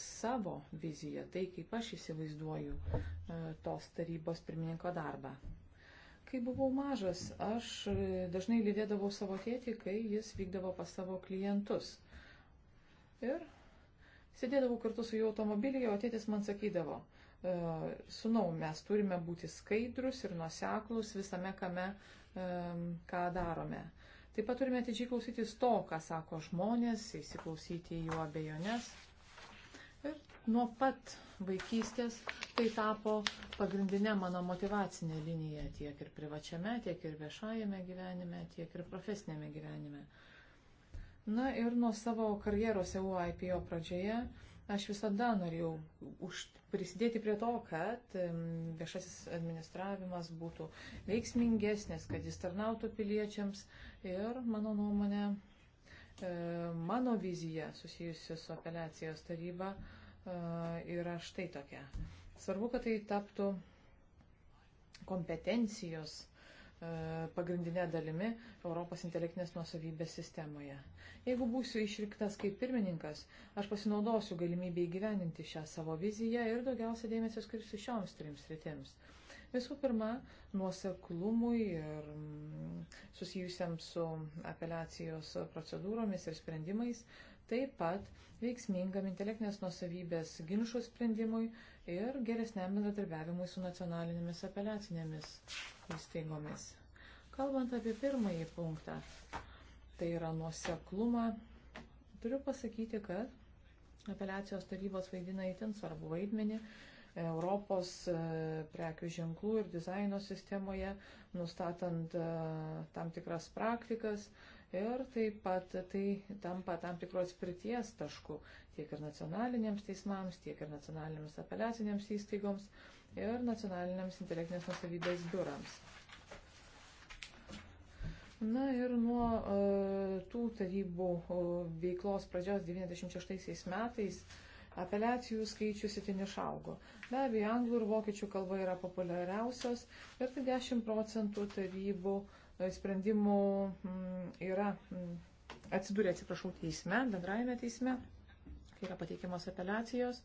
savo viziją, tai kaip aš įsivaizduoju e, tos tarybos pirmininko darbą. Kai buvau mažas, aš dažnai lydėdavau savo tėtį, kai jis vykdavo pas savo klientus. Ir sėdėdavau kartu su juo automobilyje, o tėtis man sakydavo, e, sunau, mes turime būti skaidrus ir nuseklus visame, kame, e, ką darome. Taip pat turime atidžiai klausytis to, ką sako žmonės, įsiklausyti jų abejonės. Ir nuo pat vaikystės tai tapo pagrindinė mano motivacinė linija tiek ir privačiame, tiek ir viešajame gyvenime, tiek ir profesinėme gyvenime. Na ir nuo savo karjeros EUIPO pradžioje Aš visada norėjau už, prisidėti prie to, kad viešasis administravimas būtų veiksmingesnis, kad jis tarnautų piliečiams ir mano nuomonė, e, mano vizija susijusi su apeliacijos taryba e, yra štai tokia. Svarbu, kad tai taptų kompetencijos E, pagrindinė dalimi Europos intelektinės nuosavybės sistemoje. Jeigu būsiu išriktas kaip pirmininkas, aš pasinaudosiu galimybę įgyveninti šią savo viziją ir daugiausia dėmesio skirsiu šioms trims rytims. Visų pirma, nuoseklumui ir mm, susijusiam su apeliacijos procedūromis ir sprendimais, taip pat veiksmingam intelektinės nusavybės ginčių sprendimui ir geresniam bendradarbiavimui su nacionalinėmis apeliacinėmis įstaigomis. Kalbant apie pirmąjį punktą, tai yra nuoseklumą, turiu pasakyti, kad apeliacijos tarybos vaidina įtin svarbu vaidmenį. Europos e, prekių ženklų ir dizaino sistemoje, nustatant e, tam tikras praktikas, uh, ir taip pat tai tampa tam tikros prities tašku tiek ir nacionaliniams teismams, tiek ir nacionaliniams apeliaciniams įstaigoms ir nacionaliniams intelektinės nusavybės biurams. Na ir nuo uh, tų tarybų uh, veiklos pradžios 96 metais apeliacijų skaičius itin išaugo. Be abejo, anglų ir vokiečių kalba yra populiariausios ir tai 10 procentų tarybų uh, E, sprendimų mm, yra mm, atsidūrė, atsiprašau, teisme, bendrajame teisme, kai yra pateikiamos apeliacijos.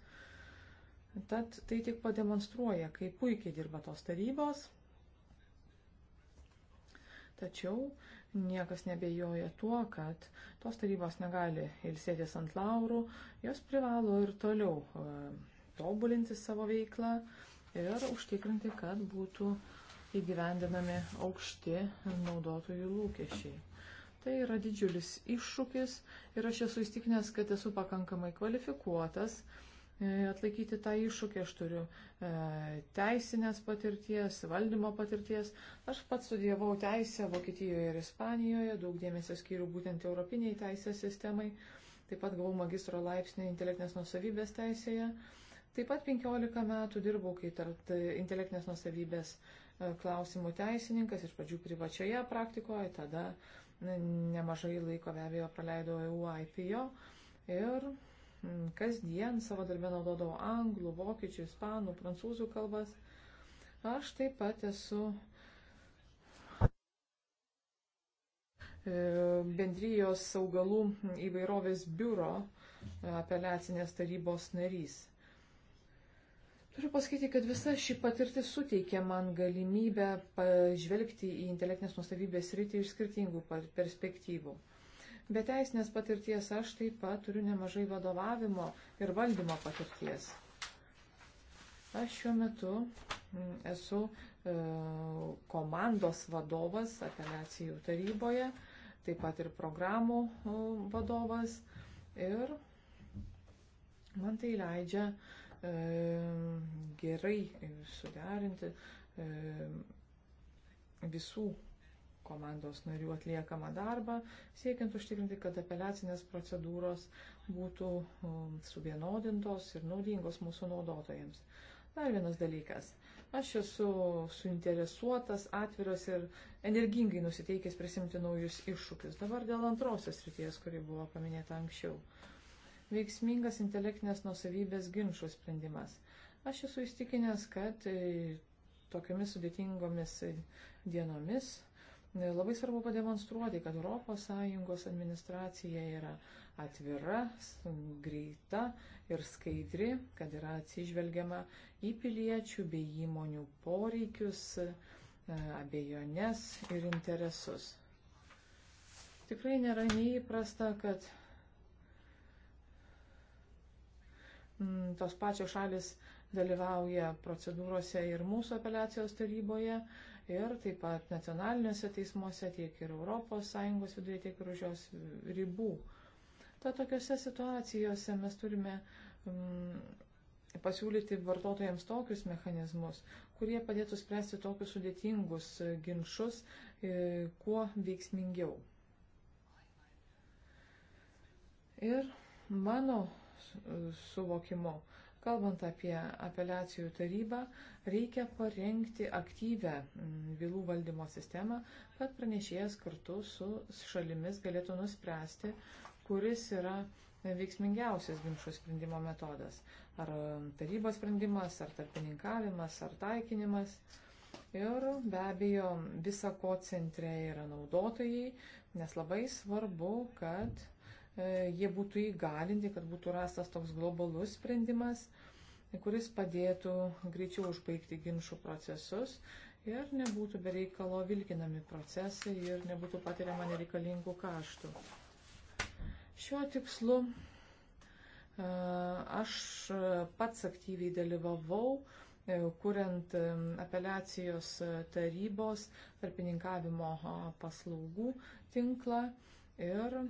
Tad tai tik pademonstruoja, kaip puikiai dirba tos tarybos. Tačiau niekas nebejoja tuo, kad tos tarybos negali ilsėtis ant laurų, jos privalo ir toliau e, tobulinti savo veiklą ir užtikrinti, kad būtų uh, įgyvendinami aukšti naudotojų lūkesčiai. Tai yra didžiulis iššūkis ir aš esu įstikinęs, kad esu pakankamai kvalifikuotas e, atlaikyti tą iššūkį. Aš turiu e, teisinės patirties, valdymo patirties. Aš pats studijavau teisę Vokietijoje ir Ispanijoje, daug dėmesio skiriu būtent europiniai teisės sistemai. Taip pat gavau magistro laipsnį intelektinės nusavybės teisėje. Taip pat 15 metų dirbau kaip tarp tai, intelektinės nusavybės E, klausimų teisininkas, iš pradžių privačioje praktikoje, tada nemažai laiko be abejo praleidau e UIPO ir kasdien savo darbę naudodavau anglų, vokiečių, ispanų, prancūzų kalbas. Aš taip pat esu e, bendrijos augalų įvairovės biuro apeliacinės tarybos narys. Turiu pasakyti, kad visa ši patirtis suteikia man galimybę pažvelgti į intelektinės nusavybės rytį iš skirtingų perspektyvų. Be teisinės patirties aš taip pat turiu nemažai vadovavimo ir valdymo patirties. Aš šiuo metu mm, esu e, komandos vadovas apeliacijų taryboje, taip pat ir programų e, vadovas ir man tai leidžia e, E, gerai suderinti e, visų komandos narių atliekamą darbą, siekiant užtikrinti, kad apeliacinės procedūros būtų suvienodintos ir naudingos mūsų naudotojams. Dar vienas dalykas. Aš esu suinteresuotas, atviras ir energingai nusiteikęs prisimti naujus iššūkius. Dabar dėl antrosios ryties, kuri buvo paminėta anksčiau. Uh, veiksmingas intelektinės nusavybės ginčių sprendimas. Aš esu įstikinęs, kad e, tokiamis sudėtingomis e, dienomis e, labai svarbu pademonstruoti, kad ES administracija yra atvira, greita ir skaidri, kad yra atsižvelgiama į piliečių bei įmonių poreikius, abejones ir interesus. Tikrai nėra neįprasta, kad Mm, tos pačios šalis dalyvauja procedūrose ir mūsų apeliacijos taryboje, ir taip pat nacionaliniuose teismuose, tiek ir ES viduje, tiek ir už jos ribų. Ta tokiuose situacijose mes turime mm, pasiūlyti vartotojams tokius mechanizmus, kurie padėtų spręsti tokius sudėtingus ginčius e, kuo veiksmingiau. Ir mano E, suvokimu. Kalbant apie apeliacijų tarybą, reikia parengti aktyvę bylų valdymo sistemą, kad pranešėjas kartu su šalimis galėtų nuspręsti, kuris yra veiksmingiausias ginčių sprendimo metodas. Ar e, tarybos sprendimas, ar tarpininkavimas, ar taikinimas. Ir be abejo, visa ko centre yra naudotojai, nes labai svarbu, kad E, jie būtų įgalinti, kad būtų rastas toks globalus sprendimas, kuris padėtų greičiau užbaigti ginčių procesus ir nebūtų bereikalo vilkinami procesai ir nebūtų patiriama nereikalingų kaštų. Šiuo tikslu e, aš pats aktyviai dalyvavau, e, kuriant apeliacijos tarybos tarpininkavimo paslaugų tinklą ir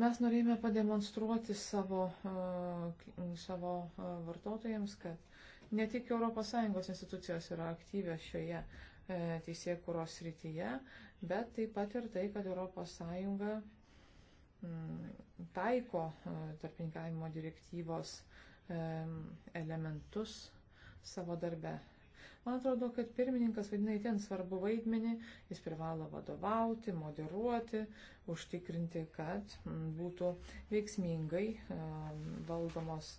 Mes norėjome pademonstruoti savo, e, savo e, vartotojams, kad ne tik ES institucijos yra aktyvios šioje e, teisėkuros rytyje, bet taip pat ir tai, kad ES mm, taiko tarpininkavimo direktyvos elementus savo darbę. Man atrodo, kad pirmininkas vaidina įtin svarbu vaidmenį, jis privalo vadovauti, moderuoti, užtikrinti, kad mm, būtų veiksmingai ehm, valdomos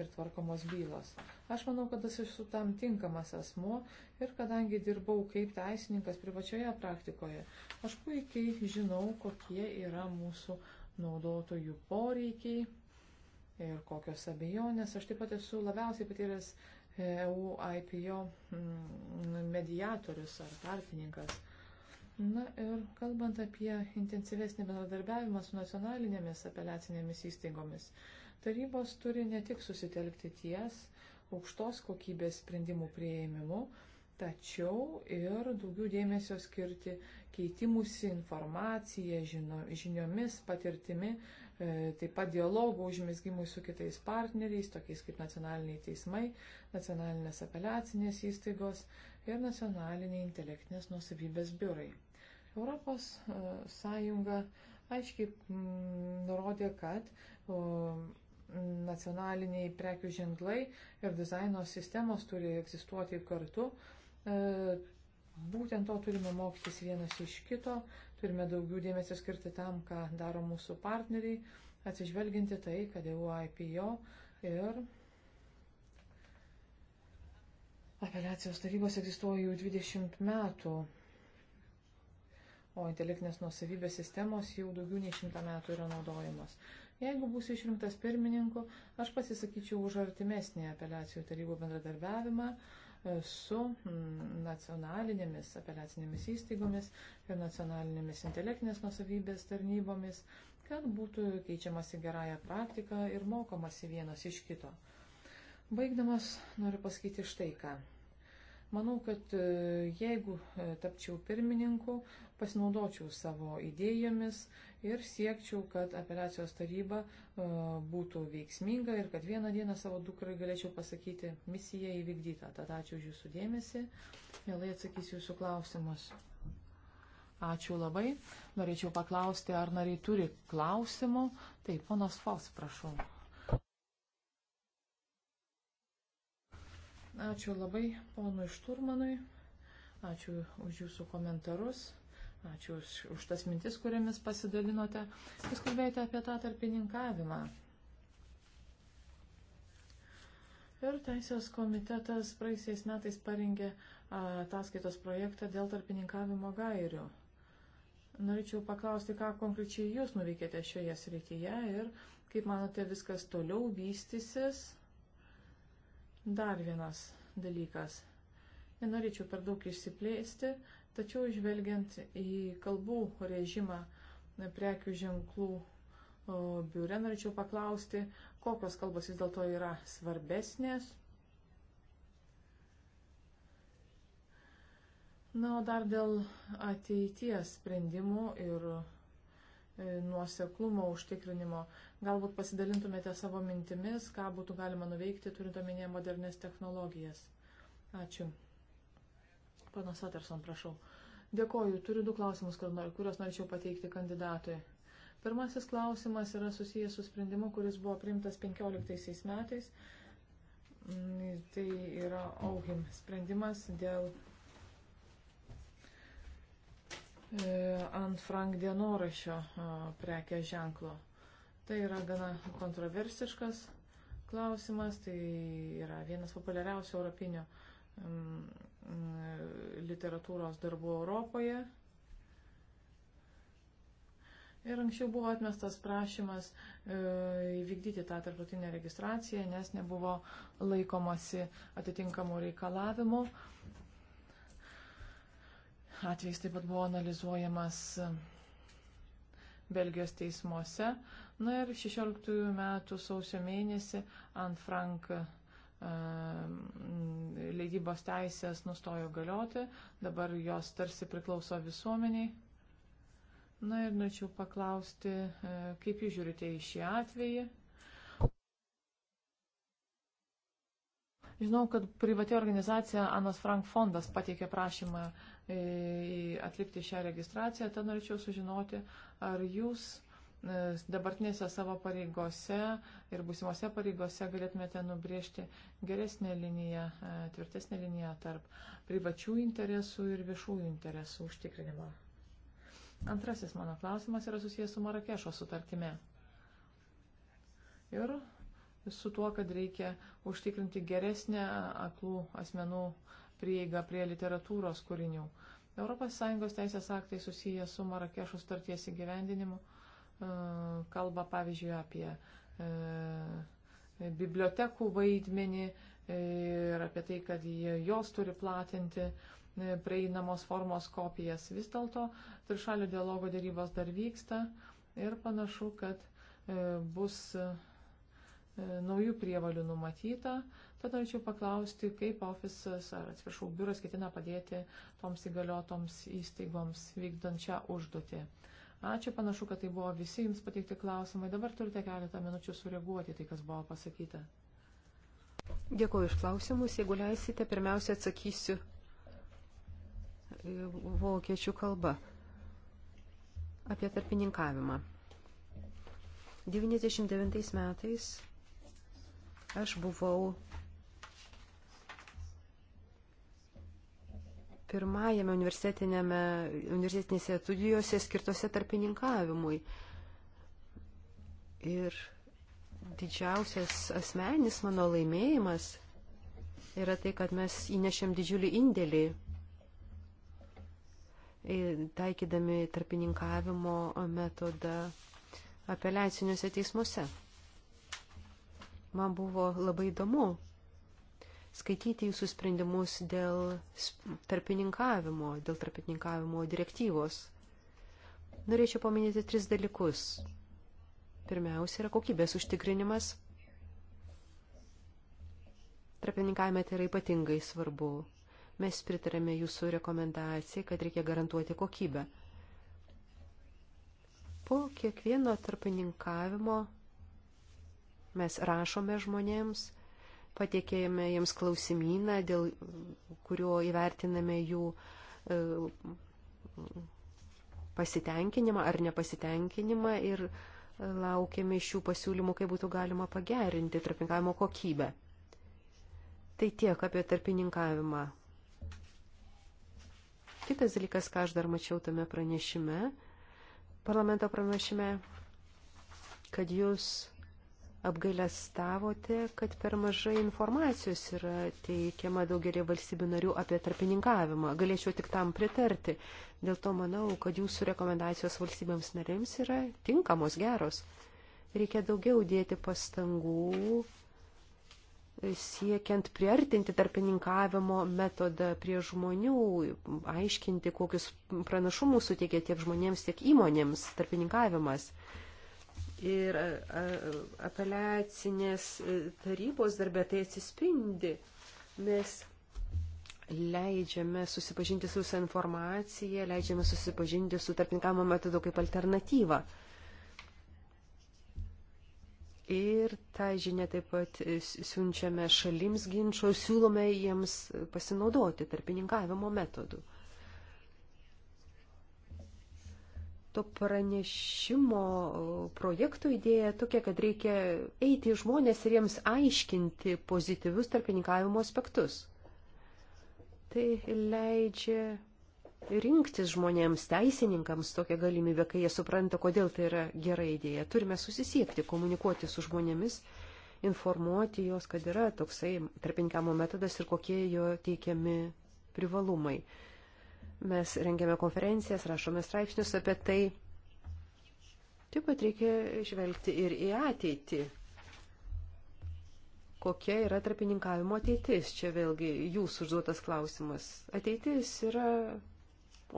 ir tvarkomos bylos. Aš manau, kad esu tam tinkamas asmo ir kadangi dirbau kaip teisininkas privačioje praktikoje, aš puikiai žinau, kokie yra mūsų naudotojų poreikiai ir kokios abejonės. Aš taip pat esu labiausiai patyręs EU IPO mm, mediatorius ar tarpininkas. Na ir kalbant apie intensyvesnį bendradarbiavimą su nacionalinėmis apeliacinėmis įstaigomis, tarybos turi ne tik susitelkti ties aukštos kokybės sprendimų prieimimu, tačiau ir daugiau dėmesio skirti keitimusi informacija, žino, žiniomis, patirtimi E, taip pat dialogų užmėsgimui su kitais partneriais, tokiais kaip nacionaliniai teismai, nacionalinės apeliacinės įstaigos ir nacionaliniai intelektinės nusavybės biurai. Europos e, Sąjunga aiškiai nurodė, kad nacionaliniai prekių ženklai ir dizaino sistemos turi egzistuoti kartu. E, būtent to turime mokytis vienas iš kito, Turime daugiau dėmesio skirti tam, ką daro mūsų partneriai, atsižvelginti tai, kad jau e IPO ir apeliacijos tarybos egzistuoja jau 20 metų, o intelektinės nuosavybės sistemos jau daugiau nei 100 metų yra naudojamos. Jeigu būsiu išrinktas pirmininku, aš pasisakyčiau už artimesnį apeliacijų tarybų bendradarbiavimą su mm, nacionalinėmis apeliacinėmis įstaigomis ir nacionalinėmis intelektinės nusavybės tarnybomis, kad būtų keičiamasi gerąją praktiką ir mokomasi vienas iš kito. Baigdamas noriu pasakyti štai ką. Manau, kad e, jeigu e, tapčiau pirmininku, pasinaudočiau savo idėjomis ir siekčiau, kad apeliacijos taryba e, būtų veiksminga ir kad vieną dieną savo dukrai galėčiau pasakyti misiją įvykdytą. Tad ačiū už jūsų dėmesį, mielai atsakysiu jūsų klausimus. Ačiū labai. Norėčiau paklausti, ar nariai turi klausimų. Taip, ponas Fos, prašau. Ačiū labai ponui Šturmanui, ačiū už jūsų komentarus, ačiū už, už tas mintis, kuriamis pasidalinote. Jūs kalbėjote apie tą tarpininkavimą. Ir Teisės komitetas praeisiais metais parengė ataskaitos projektą dėl tarpininkavimo gairių. Norėčiau paklausti, ką konkrečiai jūs nuveikėte šioje srityje ir kaip manote viskas toliau vystysis. Dar vienas dalykas. Nenorėčiau per daug išsiplėsti, tačiau žvelgiant į kalbų režimą prekių ženklų biure, norėčiau paklausti, kokios kalbos vis dėlto yra svarbesnės. Na, o dar dėl ateities sprendimų ir E, nuoseklumo užtikrinimo. Galbūt pasidalintumėte savo mintimis, ką būtų galima nuveikti, turint omenyje modernės technologijas. Ačiū. Panas Aterson, prašau. Dėkoju, turiu du klausimus, kuriuos norėčiau pateikti kandidatui. Pirmasis klausimas yra susijęs su sprendimu, kuris buvo priimtas 15 metais. Mm, tai yra AUHIM sprendimas dėl E, ant Frank dienorašio e, prekės ženklo. Tai yra gana kontroversiškas klausimas, tai yra vienas populiariausių europinio literatūros darbų Europoje. Ir anksčiau buvo atmestas prašymas e, įvykdyti tą tarptautinę registraciją, nes nebuvo laikomasi atitinkamų reikalavimų atvejs taip pat buvo analizuojamas e, Belgijos teismuose. Na ir 16 metų sausio mėnesį ant Frank e, leidybos teisės nustojo galioti, dabar jos tarsi priklauso visuomeniai. Na ir norėčiau paklausti, e, kaip jūs žiūrite į šį atvejį Žinau, kad privati organizacija Anas Frank fondas pateikė prašymą e, atlikti šią registraciją. Tad norėčiau sužinoti, ar jūs e, dabartinėse savo pareigose ir būsimose pareigose galėtumėte nubriežti geresnę liniją, e, tvirtesnę liniją tarp privačių interesų ir viešųjų interesų užtikrinimo. Antrasis mano klausimas yra susijęs su Marakešo sutartime. Ir su tuo, kad reikia užtikrinti geresnę aklų asmenų prieigą prie literatūros kūrinių. ES teisės aktai susiję su Marakešų starties įgyvendinimu e, kalba pavyzdžiui apie e, bibliotekų vaidmenį e, ir apie tai, kad jos turi platinti prieinamos formos kopijas. Vis dėlto trišalio dialogo dėrybos dar vyksta ir panašu, kad bus E, naujų prievalių numatyta, tad norėčiau paklausti, kaip ofisas, ar atsiprašau, biuras ketina padėti toms įgaliotoms įstaigoms vykdančią užduotį. Ačiū, panašu, kad tai buvo visi jums pateikti klausimai. Dabar turite keletą minučių sureaguoti tai, kas buvo pasakyta. Dėkuoju iš klausimus. Jeigu leisite, pirmiausia atsakysiu vokiečių kalba apie tarpininkavimą. 99 metais Aš buvau pirmajame universitetinėme, universitetinėse studijose skirtose tarpininkavimui. Ir didžiausias asmenis mano laimėjimas yra tai, kad mes įnešėm didžiulį indėlį taikydami tarpininkavimo metodą apeliaciniuose teismuose. Man buvo labai įdomu skaityti jūsų sprendimus dėl tarpininkavimo, dėl tarpininkavimo direktyvos. Norėčiau paminėti tris dalykus. Pirmiausia yra kokybės užtikrinimas. Tarpininkavime tai yra ypatingai svarbu. Mes pritarėme jūsų rekomendacijai, kad reikia garantuoti kokybę. Po kiekvieno tarpininkavimo Mes rašome žmonėms, patiekėjame jiems klausimyną, dėl kurio įvertiname jų e, pasitenkinimą ar nepasitenkinimą ir e, laukiame iš jų pasiūlymų, kaip būtų galima pagerinti tarpininkavimo kokybę. Tai tiek apie tarpininkavimą. Kitas dalykas, ką aš dar mačiau tame pranešime, parlamento pranešime, kad jūs apgailestavote, kad per mažai informacijos yra teikiama daugelį valstybių narių apie tarpininkavimą. Galėčiau tik tam pritarti. Dėl to manau, kad jūsų rekomendacijos valstybėms narėms yra tinkamos, geros. Reikia daugiau dėti pastangų siekiant priartinti tarpininkavimo metodą prie žmonių, aiškinti, kokius pranašumus suteikia tiek žmonėms, tiek įmonėms tarpininkavimas ir apeliacinės e, tarybos darbė tai atsispindi. Mes leidžiame susipažinti su visą informaciją, leidžiame susipažinti su tarpininkavimo metodu kaip alternatyva. Ir tą žinę taip pat e, siunčiame šalims ginčio, siūlome jiems pasinaudoti tarpininkavimo metodu. to pranešimo projekto idėja tokia, kad reikia eiti į žmonės ir jiems aiškinti pozityvius tarpininkavimo aspektus. Tai leidžia rinktis žmonėms, teisininkams tokią galimybę, kai jie supranta, kodėl tai yra gera idėja. Turime susisiekti, komunikuoti su žmonėmis, informuoti juos, kad yra toksai tarpininkamo metodas ir kokie jo teikiami privalumai. Mes rengiame konferencijas, rašome straipsnius apie tai. Taip pat reikia žvelgti ir į ateitį. Kokia yra tarpininkavimo ateitis? Čia vėlgi jūsų užduotas klausimas. Ateitis yra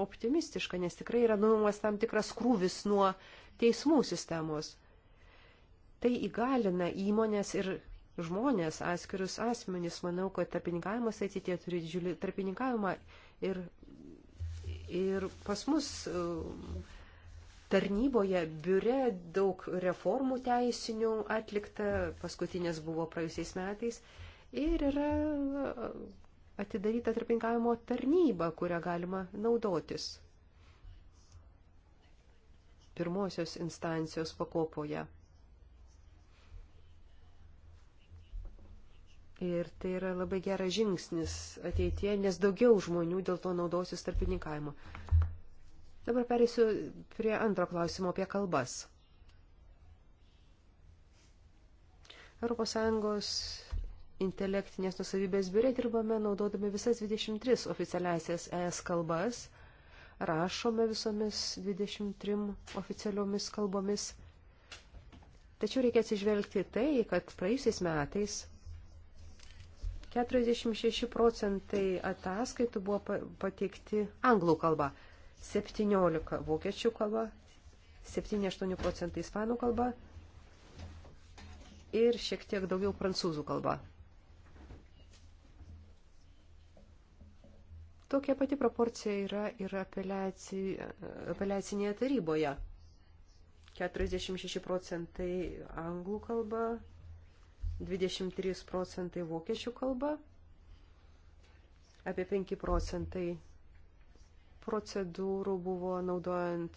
optimistiška, nes tikrai yra nuimamas tam tikras krūvis nuo teismų sistemos. Tai įgalina įmonės ir žmonės, atskirius asmenys. Manau, kad tarpininkavimas ateitie turi didžiulį tarpininkavimą ir Ir pas mus e, tarnyboje, biure daug reformų teisinių atlikta, paskutinės buvo praėjusiais metais. Ir yra e, atidaryta tarpininkavimo tarnyba, kurią galima naudotis pirmosios instancijos pakopoje. Ir tai yra labai geras žingsnis ateitie, nes daugiau žmonių dėl to naudosis tarpininkavimo. Dabar perėsiu prie antro klausimo apie kalbas. ES intelektinės nusavybės biure dirbame naudodami visas 23 oficialiasias ES kalbas, rašome visomis 23 oficialiomis kalbomis. Tačiau reikia atsižvelgti tai, kad praėjusiais metais 46 procentai ataskaitų buvo pateikti anglų kalba, 17 vokiečių kalba, 7-8 procentai ispanų kalba ir šiek tiek daugiau prancūzų kalba. Tokia pati proporcija yra ir apeliacinėje taryboje. 46 procentai anglų kalba, 23 procentai vokiečių kalba, apie 5 procentai procedūrų buvo naudojant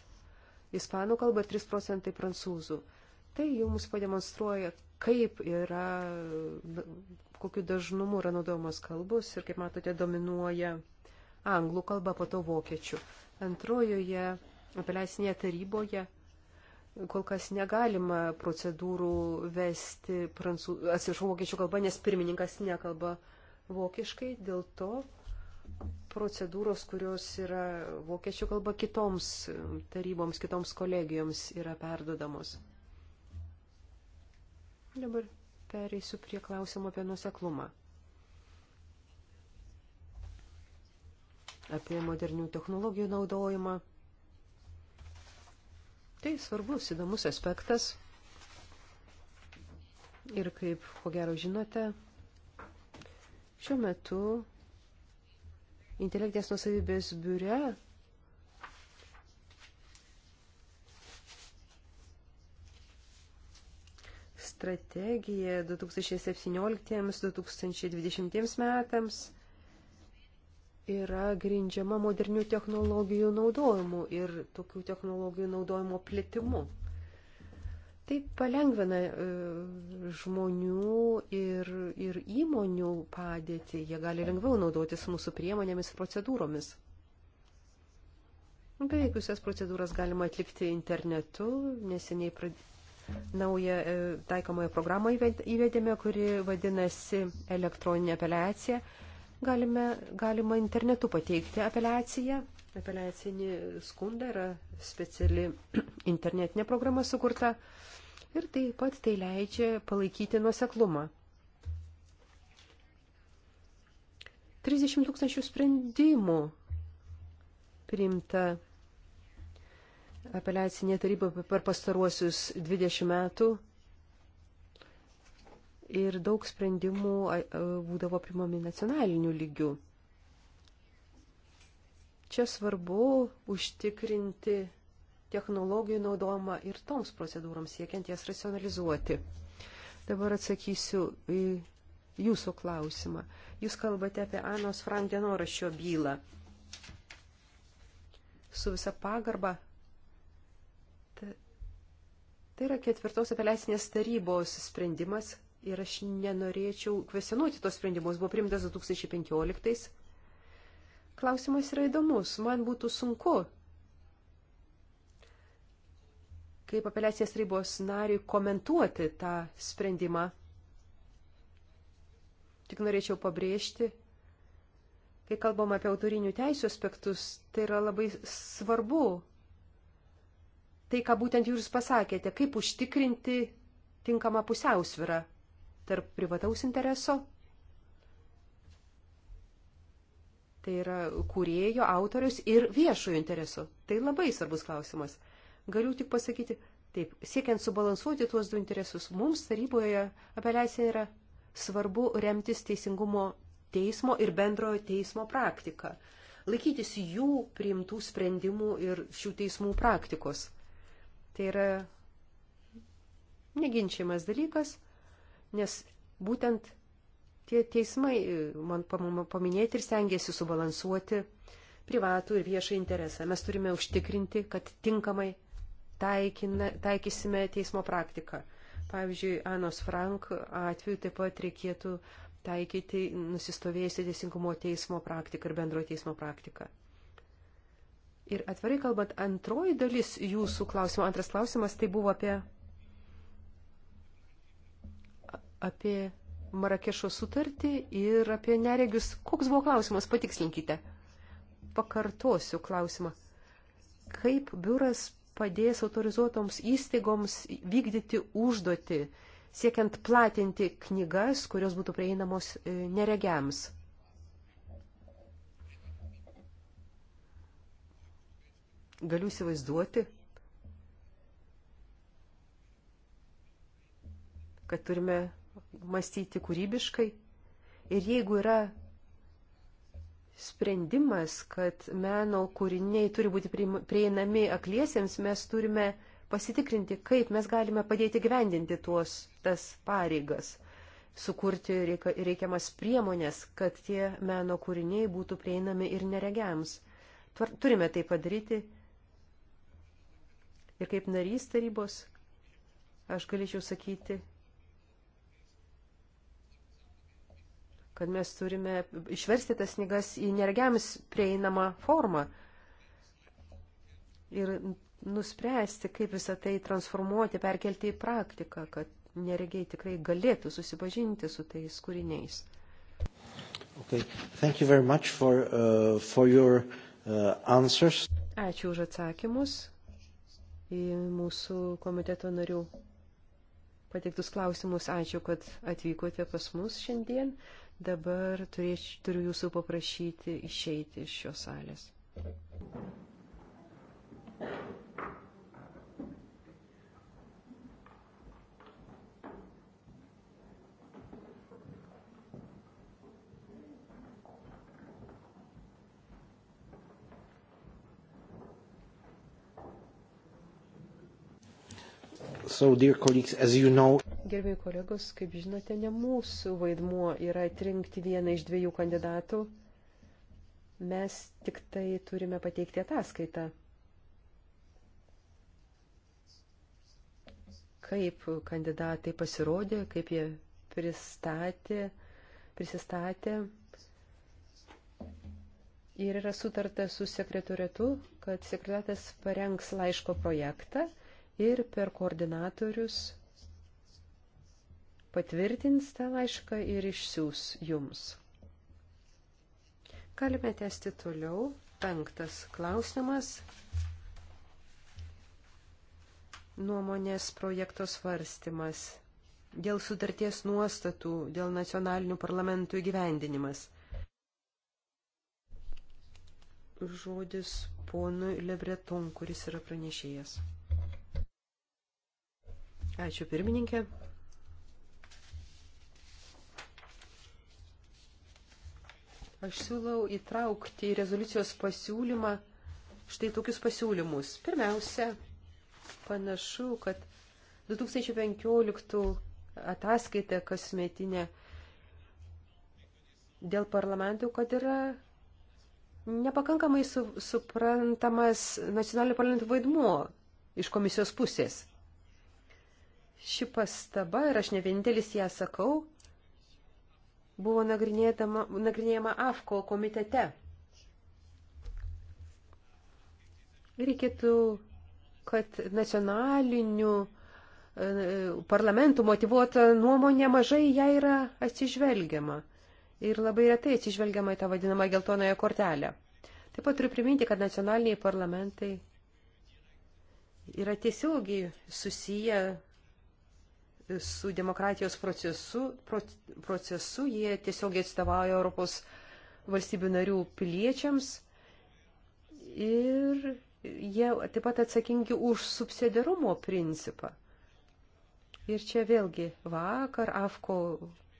ispanų kalbą, 3 procentai prancūzų. Tai jau mus pademonstruoja, kaip yra, kokiu dažnumu yra naudojamos kalbos ir, kaip matote, dominuoja anglų kalba, po to vokiečių. Antrojoje apeliacinėje taryboje kol kas negalima procedūrų vesti prancū... atsiprašau, vokiečių kalba, nes pirmininkas nekalba vokiškai, dėl to procedūros, kurios yra vokiečių kalba kitoms taryboms, kitoms kolegijoms yra perdodamos. Dabar pereisiu prie klausimo apie nuseklumą. Apie modernių technologijų naudojimą. Tai svarbus, įdomus aspektas. Ir kaip, ko gero, žinote, šiuo metu intelektinės nusavybės biure strategija 2017-2020 metams yra grindžiama modernių technologijų naudojimu ir tokių technologijų naudojimo plėtimu. Tai palengvina e, žmonių ir, ir įmonių padėtį. Jie gali lengviau naudotis mūsų priemonėmis ir procedūromis. Beveik visas procedūras galima atlikti internetu. Neseniai prad... naują e, taikomąją programą įvedėme, kuri vadinasi elektroninė apeliacija galime, galima internetu pateikti apeliaciją. Apeliacinį skundą yra speciali (clears throat) internetinė programa sukurta ir taip pat tai leidžia palaikyti nuoseklumą. 30 tūkstančių sprendimų priimta apeliacinė taryba per pastaruosius 20 metų ir daug sprendimų būdavo primami nacionaliniu lygiu. Čia svarbu užtikrinti technologijų naudojimą ir toms procedūroms siekiant jas racionalizuoti. Dabar atsakysiu į jūsų klausimą. Jūs kalbate apie Anos Frank dienoraščio bylą. Su visa pagarba. Tai yra ketvirtos apeliacinės tarybos sprendimas Ir aš nenorėčiau kvesenuoti tos sprendimus. Buvo priimtas 2015. Klausimas yra įdomus. Man būtų sunku, kaip apeliacinės rybos nariui, komentuoti tą sprendimą. Tik norėčiau pabrėžti, kai kalbam apie autorinių teisų aspektus, tai yra labai svarbu. Tai, ką būtent jūs pasakėte, kaip užtikrinti tinkamą pusiausvirą tarp privataus intereso, tai yra kūrėjo, autorius ir viešojo intereso. Tai labai svarbus klausimas. Galiu tik pasakyti, taip, siekiant subalansuoti tuos du interesus, mums taryboje apeliacija yra svarbu remtis teisingumo teismo ir bendrojo teismo praktika, laikytis jų priimtų sprendimų ir šių teismų praktikos. Tai yra neginčiamas dalykas, nes būtent tie teismai, e, man paminėti, ir stengiasi subalansuoti privatų ir viešą interesą. Mes turime užtikrinti, kad tinkamai taikina, taikysime teismo praktiką. Pavyzdžiui, Anos Frank atveju taip pat reikėtų taikyti nusistovėjusią teisingumo teismo praktiką ir bendrojo teismo praktiką. Ir atvirai kalbant, antroji dalis jūsų klausimo, antras klausimas, tai buvo apie apie Marakešo sutartį ir apie neregius. Koks buvo klausimas, patikslinkite. Pakartosiu klausimą. Kaip biuras padės autorizuotoms įstaigoms vykdyti užduoti, siekiant platinti knygas, kurios būtų prieinamos e, neregiams? Galiu įsivaizduoti, kad turime mąstyti kūrybiškai. Ir jeigu yra sprendimas, kad meno kūriniai turi būti prieinami akliesiems, mes turime pasitikrinti, kaip mes galime padėti gyvendinti tuos tas pareigas, sukurti reikiamas priemonės, kad tie meno kūriniai būtų prieinami ir neregiams. Turime tai padaryti. Ir kaip narys tarybos, aš galėčiau sakyti, kad mes turime išversti tas knygas į neregiams prieinamą formą ir nuspręsti, kaip visą tai transformuoti, perkelti į praktiką, kad neregiai tikrai galėtų susipažinti su tais kūriniais. Okay. Thank you very much for, uh, for your uh, answers. Ačiū už atsakymus į mūsų komiteto narių pateiktus klausimus. Ačiū, kad atvykote pas mus šiandien. Dabar turėč, turiu jūsų paprašyti išeiti iš šios salės. Thank you. So, you know... Gerbėjai kolegos, kaip žinote, ne mūsų vaidmuo yra atrinkti vieną iš dviejų kandidatų. Mes tik tai turime pateikti ataskaitą. Kaip kandidatai pasirodė, kaip jie pristatė, prisistatė. Ir yra sutarta su sekretorietu, kad sekretorietas parengs laiško projektą ir per koordinatorius patvirtins tą laišką ir išsiūs jums. Galime tęsti toliau. Penktas klausimas. Nuomonės projekto svarstymas. Dėl sutarties nuostatų, dėl nacionalinių parlamentų įgyvendinimas. Žodis ponui Lebreton, kuris yra pranešėjas. Ačiū pirmininkė. Aš siūlau įtraukti į rezoliucijos pasiūlymą štai tokius pasiūlymus. Pirmiausia, panašu, kad 2015 ataskaita kasmetinė dėl parlamentų, kad yra nepakankamai su, suprantamas nacionalinio parlamento vaidmuo iš komisijos pusės. Ši pastaba, ir aš ne vienintelis ją sakau, buvo nagrinėjama AFKO komitete. Reikėtų, kad nacionalinių e, parlamentų motivuota nuomonė mažai ją yra atsižvelgiama. Ir labai retai atsižvelgiama į tą vadinamą geltonąją kortelę. Taip pat turiu priminti, kad nacionaliniai parlamentai yra tiesiogiai susiję su demokratijos procesu, pro, procesu jie tiesiog atstovauja Europos valstybių narių piliečiams ir jie taip pat atsakingi už subsidiarumo principą. Ir čia vėlgi vakar AFKO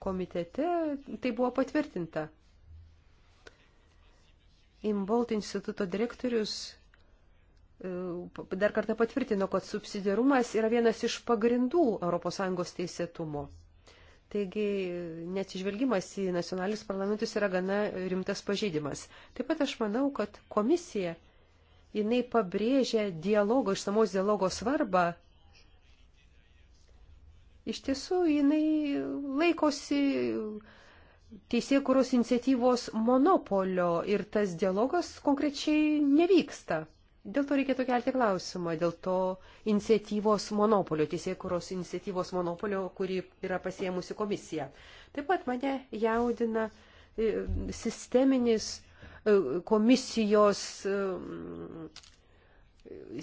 komitete tai buvo patvirtinta. Imbolt instituto direktorius E, dar kartą patvirtino, kad subsidiarumas yra vienas iš pagrindų ES teisėtumo. Taigi neatsižvelgimas į nacionalinius parlamentus yra gana rimtas pažeidimas. Taip pat aš manau, kad komisija jinai pabrėžia dialogo, išsamaus dialogo svarbą. Iš tiesų jinai laikosi teisėkuros iniciatyvos monopolio ir tas dialogas konkrečiai nevyksta. Dėl to reikėtų kelti klausimą, dėl to iniciatyvos monopolio, teisėkuros iniciatyvos monopolio, kurį yra pasiemusi komisija. Taip pat mane jaudina e, sisteminis e, komisijos e,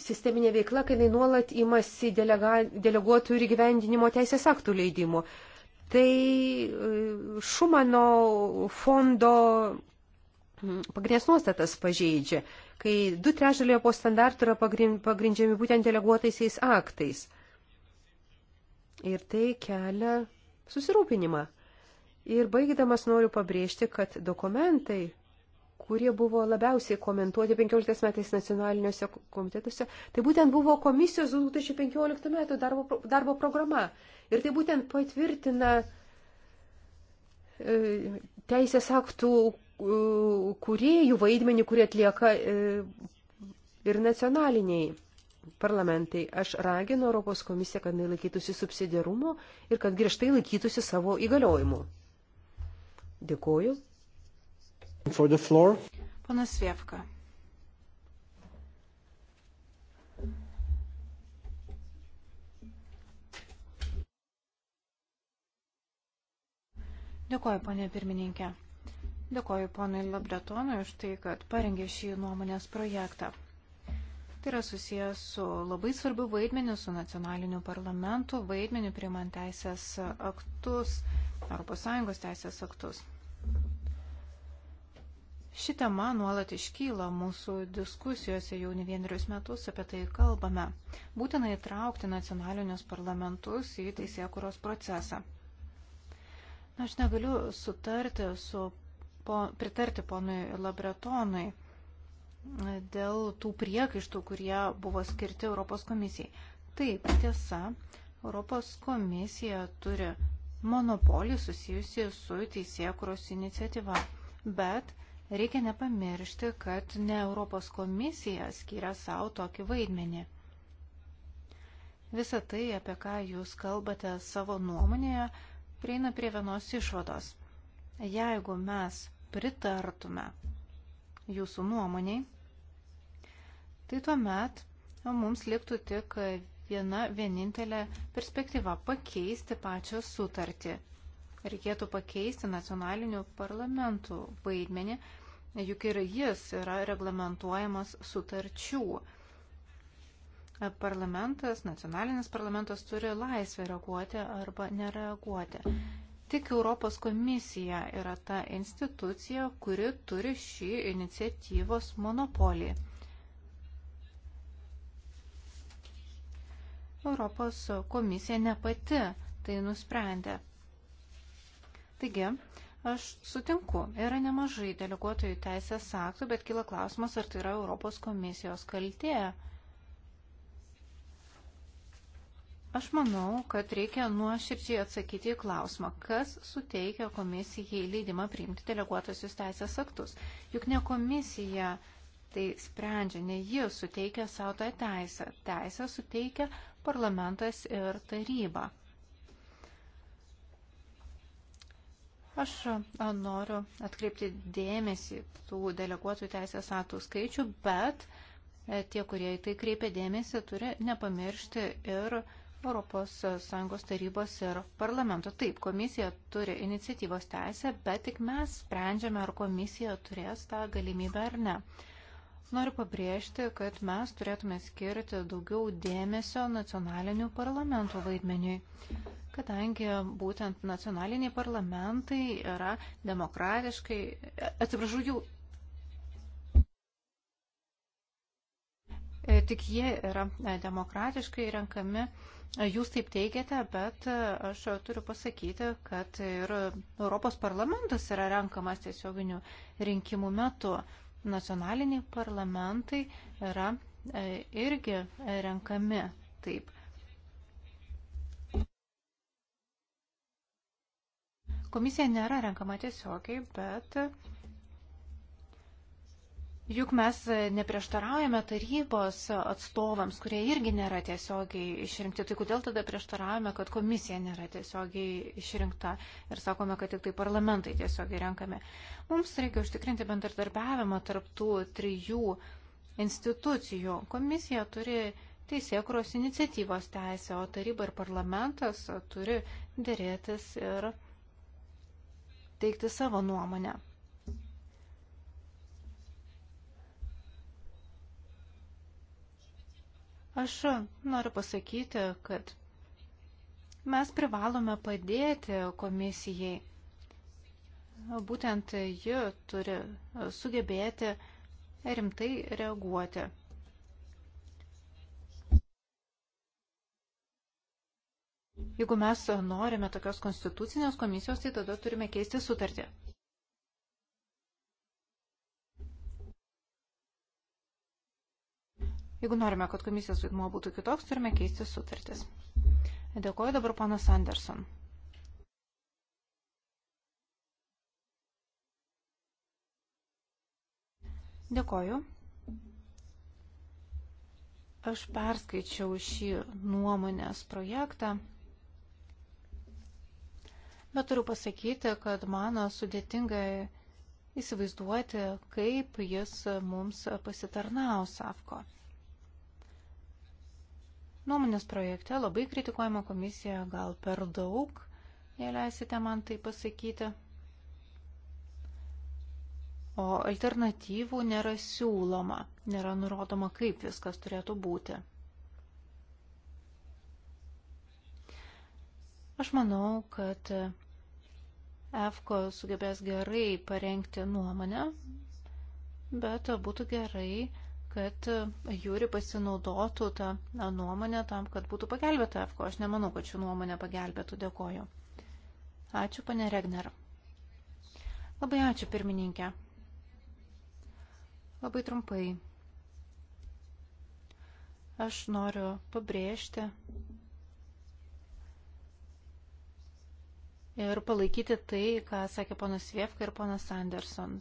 sisteminė veikla, kai jinai nuolat imasi delega, deleguotų ir gyvendinimo teisės aktų leidimų. Tai Šumano fondo pagrindinės nuostatas pažeidžia kai du trečdaliai po standartų yra pagrindžiami būtent deleguotaisiais aktais. Ir tai kelia susirūpinimą. Ir baigdamas noriu pabrėžti, kad dokumentai, kurie buvo labiausiai komentuoti 15 metais nacionaliniuose komitetuose, tai būtent buvo komisijos 2015 metų darbo, darbo programa. Ir tai būtent patvirtina e, teisės aktų kuriejų vaidmenį, kurį atlieka e, ir nacionaliniai parlamentai. Aš raginu Europos komisiją, kad jis laikytųsi subsidiarumo ir kad griežtai laikytųsi savo įgaliojimų. Dėkuoju. Panas Vievka. Dėkuoju, ponė pirmininkė. Dėkoju ponui Labretonui už tai, kad parengė šį nuomonės projektą. Tai yra susijęs su labai svarbiu vaidmeniu, su nacionaliniu parlamentu, vaidmeniu priimant teisės aktus, ES teisės aktus. Ši tema nuolat iškyla mūsų diskusijose jau ne vienerius metus, apie tai kalbame. Būtina įtraukti nacionalinius parlamentus į teisėkuros procesą. Na, aš negaliu sutarti su po, pritarti ponui Labretonui dėl tų priekaištų, kurie buvo skirti Europos komisijai. Taip, tiesa, Europos komisija turi monopolį susijusi su teisėkuros iniciatyva, bet reikia nepamiršti, kad ne Europos komisija skiria savo tokį vaidmenį. Visą tai, apie ką jūs kalbate savo nuomonėje, prieina prie vienos išvados. Jeigu mes pritartume jūsų nuomoniai, tai tuomet mums liktų tik viena vienintelė perspektyva - pakeisti pačią sutartį. Reikėtų pakeisti nacionalinių parlamentų vaidmenį, juk ir jis yra reglamentuojamas sutarčių. Parlamentas, nacionalinis parlamentas turi laisvę reaguoti arba nereaguoti. Tik Europos komisija yra ta institucija, kuri turi šį iniciatyvos monopolį. Europos komisija ne pati tai nusprendė. Taigi, aš sutinku, yra nemažai deleguotojų teisės aktų, bet kila klausimas, ar tai yra Europos komisijos kaltė. Aš manau, kad reikia nuoširčiai atsakyti į klausimą, kas suteikia komisijai leidimą priimti deleguotosius teisės aktus. Juk ne komisija tai sprendžia, ne ji suteikia savo tą teisę. Teisę suteikia parlamentas ir taryba. Aš noriu atkreipti dėmesį tų deleguotų teisės aktų skaičių, bet e, tie, kurie į tai kreipia dėmesį, turi nepamiršti ir ES tarybos ir parlamento. Taip, komisija turi iniciatyvos teisę, bet tik mes sprendžiame, ar komisija turės tą galimybę ar ne. Noriu pabrėžti, kad mes turėtume skirti daugiau dėmesio nacionalinių parlamentų vaidmeniui, kadangi būtent nacionaliniai parlamentai yra demokratiškai, atsiprašau, jų e, tik jie yra e, demokratiškai renkami Jūs taip teigiate, bet e, aš turiu pasakyti, kad ir Europos parlamentas yra renkamas tiesioginių rinkimų metu. Nacionaliniai parlamentai yra e, irgi renkami taip. Komisija nėra renkama tiesiogiai, bet Juk mes neprieštaraujame tarybos atstovams, kurie irgi nėra tiesiogiai išrinkti. Tai kodėl tada prieštaraujame, kad komisija nėra tiesiogiai išrinkta ir sakome, kad tik tai parlamentai tiesiogiai renkame. Mums reikia užtikrinti bendradarbiavimą tarptų trijų institucijų. Komisija turi teisėkuros iniciatyvos teisę, o taryba ir parlamentas turi dėrėtis ir teikti savo nuomonę. Aš noriu pasakyti, kad mes privalome padėti komisijai. Būtent ji turi sugebėti rimtai reaguoti. Jeigu mes norime tokios konstitucinės komisijos, tai tada turime keisti sutartį. Jeigu norime, kad komisijos vaidmuo būtų kitoks, turime keisti sutartis. Dėkuoju dabar panas Anderson. Dėkoju. Aš perskaičiau šį nuomonės projektą, bet turiu pasakyti, kad mano sudėtinga įsivaizduoti, kaip jis mums pasitarnaus, Afko. Nuomonės projekte labai kritikuojama komisija, gal per daug, jei leisite man tai pasakyti. O alternatyvų nėra siūloma, nėra nurodoma, kaip viskas turėtų būti. Aš manau, kad EFKO sugebės gerai parengti nuomonę, bet būtų gerai, kad Jūri pasinaudotų tą nuomonę tam, kad būtų pagelbėta EFKO. Aš nemanau, kad šių nuomonę pagelbėtų. Dėkoju. Ačiū, pane Regner. Labai ačiū, pirmininkė. Labai trumpai. Aš noriu pabrėžti ir palaikyti tai, ką sakė ponas Vievka ir ponas Anderson.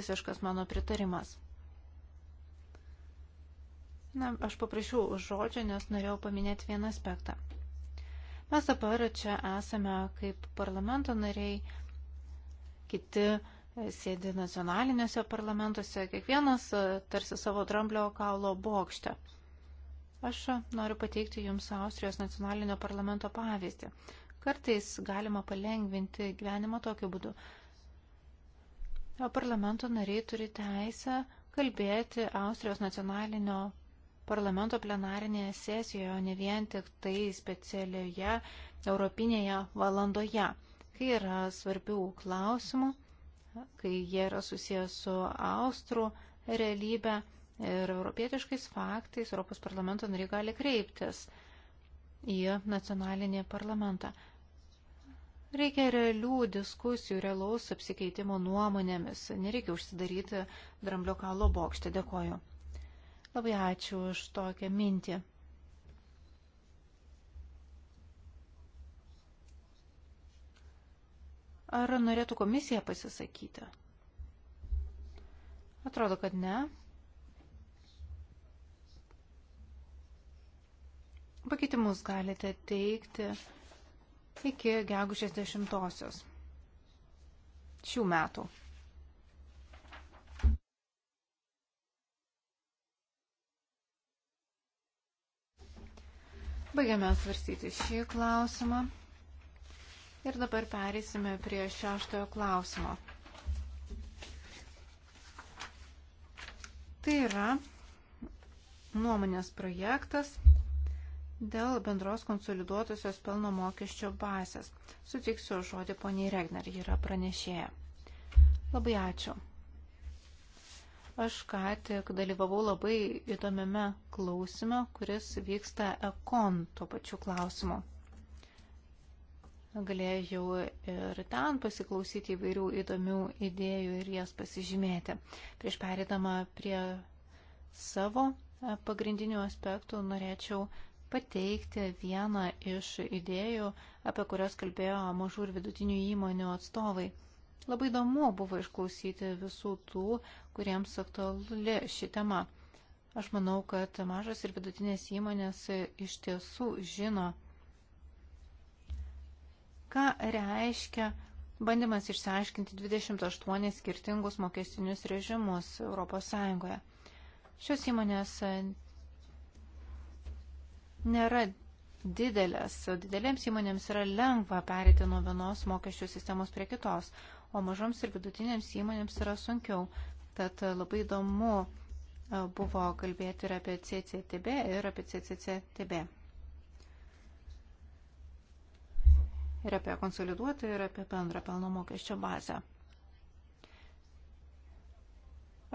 Visiškas mano pritarimas. Na, aš paprašiau žodžio, nes norėjau paminėti vieną aspektą. Mes dabar čia esame kaip parlamento nariai, kiti sėdi nacionaliniuose parlamentuose, kiekvienas e, tarsi savo dramblio kaulo bokšte. Aš e, noriu pateikti Jums Austrijos nacionalinio parlamento pavyzdį. Kartais galima palengvinti gyvenimą tokiu būdu. O parlamento nariai turi teisę kalbėti Austrijos nacionalinio parlamento plenarinėje sesijoje, o ne vien tik tai specialioje Europinėje valandoje, kai yra svarbių klausimų, kai jie yra susijęs su Austrų realybė ir europietiškais faktais, Europos parlamento nariai gali kreiptis į nacionalinį parlamentą. Reikia realių diskusijų, realaus apsikeitimo nuomonėmis. Nereikia užsidaryti dramblio kalo bokštę. Dėkoju. Labai ačiū už tokią mintį. Ar norėtų komisija pasisakyti? Atrodo, kad ne. Pakeitimus galite teikti iki gegužės 10 šių metų. Baigiame svarstyti šį klausimą. Ir dabar pereisime prie šeštojo klausimo. Tai yra nuomonės projektas dėl bendros konsoliduotusios pelno mokesčio bazės. Sutiksiu žodį poniai Regner, ji yra pranešėja. Labai ačiū. Aš ką tik dalyvavau labai įdomiame klausime, kuris vyksta ekon tuo pačiu klausimu. Galėjau ir ten pasiklausyti įvairių įdomių idėjų ir jas pasižymėti. Prieš perėdama prie savo pagrindinių aspektų norėčiau pateikti vieną iš idėjų, apie kurias kalbėjo mažų ir vidutinių įmonių atstovai. Labai įdomu buvo išklausyti visų tų, kuriems aktuali ši tema. Aš manau, kad mažas ir vidutinės įmonės iš tiesų žino, ką reiškia bandymas išsiaiškinti 28 skirtingus mokestinius režimus ES. Šios įmonės nėra didelės. Didelėms įmonėms yra lengva perėti nuo vienos mokesčių sistemos prie kitos, o mažoms ir vidutinėms įmonėms yra sunkiau. Tad e, labai įdomu e, buvo kalbėti ir apie CCTB ir apie CCCTB. Ir apie konsoliduotą, ir apie bendrą pelno mokesčio bazę.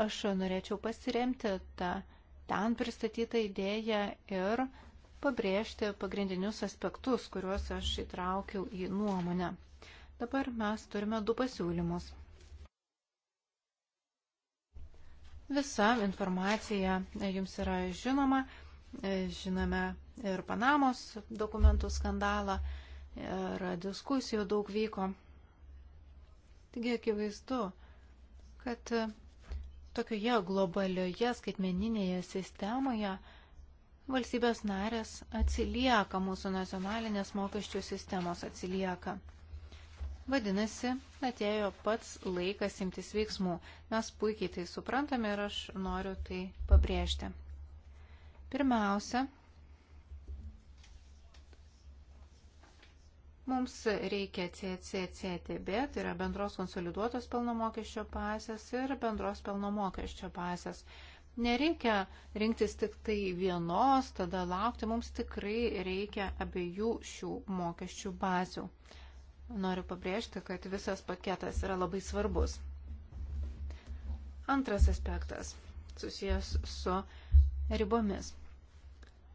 Aš norėčiau pasiremti tą ten pristatytą idėją ir pabrėžti pagrindinius aspektus, kuriuos aš įtraukiau į nuomonę. Dabar mes turime du pasiūlymus. Visa informacija jums yra žinoma. Žinome ir Panamos dokumentų skandalą, ir diskusijų daug vyko. Taigi akivaizdu, kad tokioje globalioje skaitmeninėje sistemoje valstybės narės atsilieka, mūsų nacionalinės mokesčių sistemos atsilieka. Vadinasi, atėjo pats laikas imtis veiksmų. Mes puikiai tai suprantame ir aš noriu tai pabrėžti. Pirmiausia, mums reikia CCCTB, tai yra bendros konsoliduotos pelno mokesčio pasės ir bendros pelno mokesčio pasės. Nereikia rinktis tik tai vienos, tada laukti, mums tikrai reikia abiejų šių mokesčių bazių. Noriu pabrėžti, kad visas paketas yra labai svarbus. Antras aspektas susijęs su ribomis.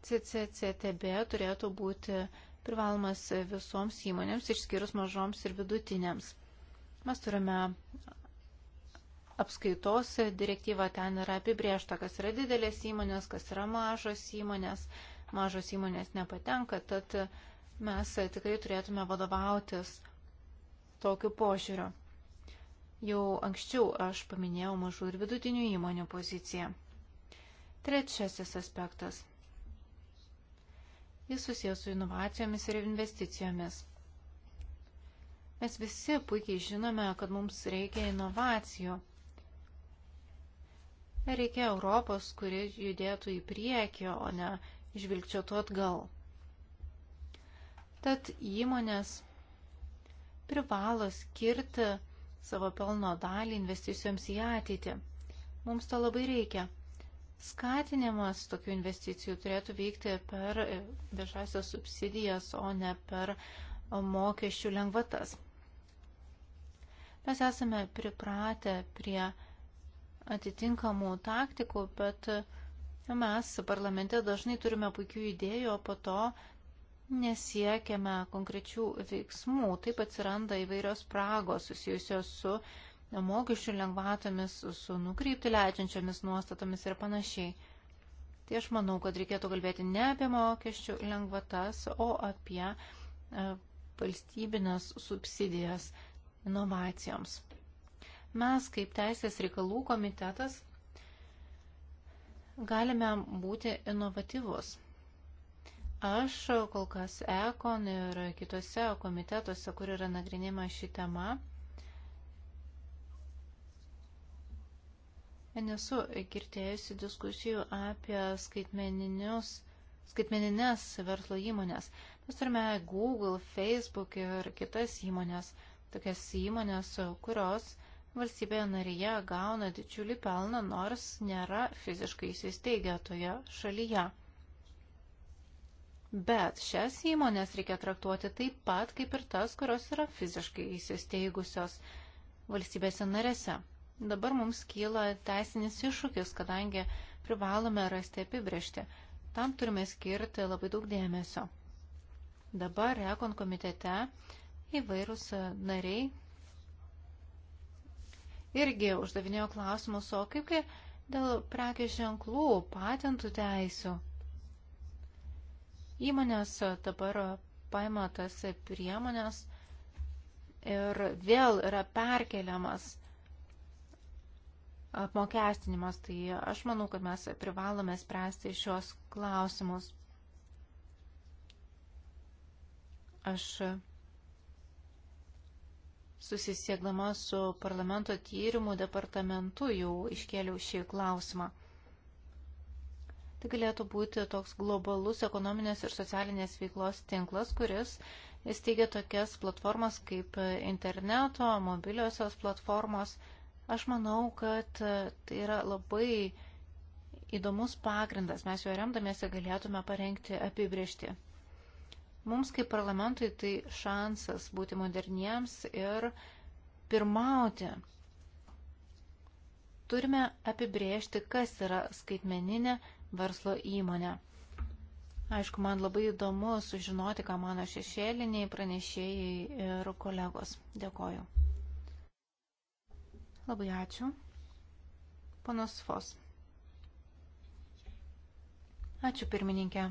CCCTB turėtų būti privalomas visoms įmonėms, išskyrus mažoms ir vidutinėms. Mes turime apskaitos direktyvą, ten yra apibriešta, kas yra didelės įmonės, kas yra mažos įmonės. Mažos įmonės nepatenka, tad mes tikrai turėtume vadovautis tokiu požiūriu. Jau anksčiau aš paminėjau mažų ir vidutinių įmonių poziciją. Trečiasis aspektas. Jis susijęs su inovacijomis ir investicijomis. Mes visi puikiai žinome, kad mums reikia inovacijų. Reikia Europos, kuri judėtų į priekį, o ne žvilgčiotų atgal. Tad įmonės privalo skirti savo pelno dalį investicijoms į ateitį. Mums to labai reikia. Skatinimas tokių investicijų turėtų vykti per viešasios subsidijas, o ne per mokesčių lengvatas. Mes esame pripratę prie atitinkamų taktikų, bet mes parlamente dažnai turime puikių idėjų, o po to nesiekiame konkrečių veiksmų. Taip atsiranda įvairios spragos susijusios su mokesčių lengvatomis, su nukreipti leidžiančiomis nuostatomis ir panašiai. Tai aš manau, kad reikėtų kalbėti ne apie mokesčių lengvatas, o apie e, valstybinės subsidijas inovacijoms. Mes kaip Teisės reikalų komitetas galime būti inovatyvus. Aš kol kas ECON ir kitose komitetuose, kur yra nagrinima ši tema, nesu girdėjusi diskusijų apie skaitmeninius skaitmeninės verslo įmonės. Mes turime Google, Facebook ir kitas įmonės, tokias įmonės, kurios valstybėje narėje gauna didžiulį pelną, nors nėra fiziškai įsisteigę toje šalyje. Bet šias įmonės reikia traktuoti taip pat, kaip ir tas, kurios yra fiziškai įsisteigusios valstybėse narėse. Dabar mums kyla teisinis iššūkis, kadangi privalome rasti apibriežti. Tam turime skirti labai daug dėmesio. Dabar Rekon komitete įvairūs nariai irgi uždavinėjo klausimus, o kaipgi dėl prekės ženklų, patentų teisų. Įmonės dabar paima tas priemonės ir vėl yra perkeliamas apmokestinimas. Tai aš manau, kad mes privalome spręsti šios klausimus. Aš susisiekdama su parlamento tyrimų departamentu jau iškėliau šį klausimą. Tai galėtų būti toks globalus ekonominės ir socialinės veiklos tinklas, kuris įsteigia tokias platformas kaip interneto, mobiliosios platformos. Aš manau, kad tai yra labai įdomus pagrindas. Mes juo remdamėsi galėtume parengti apibriežti. Mums kaip parlamentui tai šansas būti moderniems ir pirmauti turime apibrėžti, kas yra skaitmeninė verslo įmonę. Aišku, man labai įdomu sužinoti, ką mano šešėliniai pranešėjai ir kolegos. Dėkoju. Labai ačiū. Panas Fos. Ačiū pirmininkė.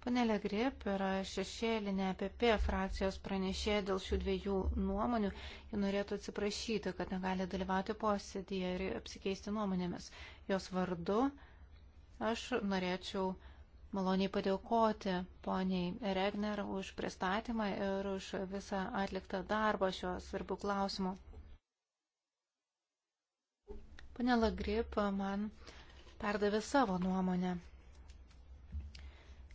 Panelė Grip yra šešėlinė APP frakcijos pranešė dėl šių dviejų nuomonių. Ji norėtų atsiprašyti, kad negali dalyvauti posėdėje ir apsikeisti nuomonėmis jos vardu aš norėčiau maloniai padėkoti poniai Regner už pristatymą ir už visą atliktą darbą šiuo svarbiu klausimu. Pane Lagrip man perdavė savo nuomonę.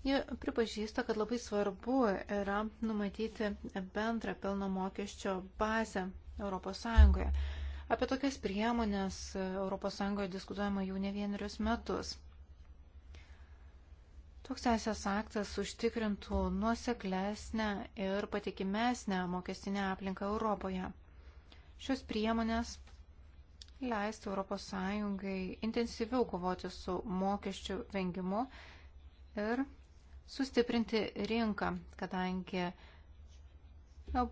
Ji pripažįsta, kad labai svarbu yra numatyti bendrą pelno mokesčio bazę ES. Apie tokias priemonės ES diskutuojama jau ne vienerius metus. Toks teisės aktas užtikrintų nuoseklesnę ir patikimesnę mokestinę aplinką Europoje. Šios priemonės leistų ES intensyviau kovoti su mokesčių vengimu ir sustiprinti rinką, kadangi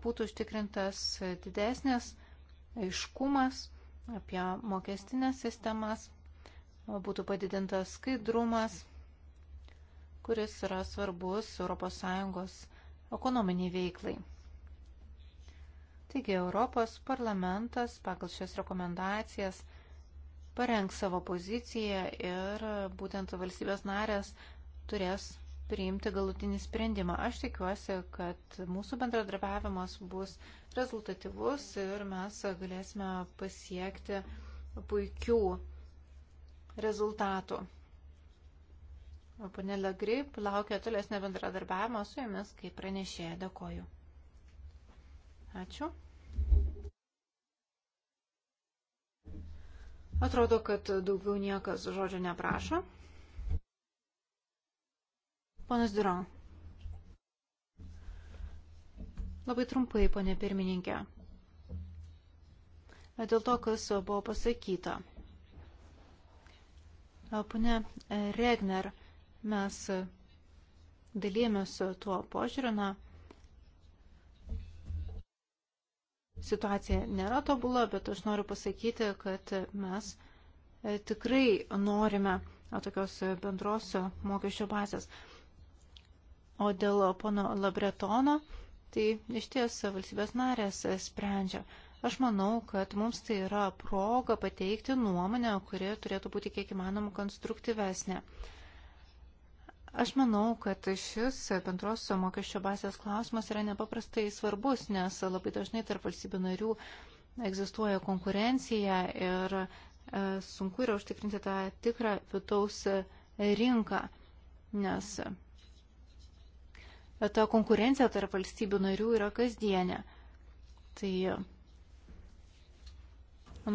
būtų užtikrintas didesnės aiškumas, apie mokestinės sistemas, būtų padidintas skaidrumas, kuris yra svarbus ES ekonominiai veiklai. Taigi Europos parlamentas pagal šias rekomendacijas parengs savo poziciją ir būtent valstybės narės turės priimti galutinį sprendimą. Aš tikiuosi, kad mūsų bendradarbiavimas bus rezultatyvus ir mes galėsime pasiekti puikių rezultatų. Pane Legrip laukia tolesnė bendradarbiavimo su jumis, kaip pranešėja. Dėkoju. Ačiū. Atrodo, kad daugiau niekas žodžio neprašo. Ponas Duran. Labai trumpai, ponė pirmininkė. Dėl to, kas buvo pasakyta. Pone Regner, mes dalėmės tuo požiūriu, na, situacija nėra tobula, bet aš noriu pasakyti, kad mes tikrai norime tokios bendros mokesčio bazės. O dėl pono Labretono, tai iš ties valstybės narės sprendžia. Aš manau, kad mums tai yra proga pateikti nuomonę, kuri turėtų būti kiek įmanoma konstruktyvesnė. Aš manau, kad šis bendros mokesčio bazės klausimas yra nepaprastai svarbus, nes labai dažnai tarp valstybių narių egzistuoja konkurencija ir e, sunku yra užtikrinti tą tikrą vidaus rinką, nes bet ta konkurencija tarp valstybių narių yra kasdienė. Tai e,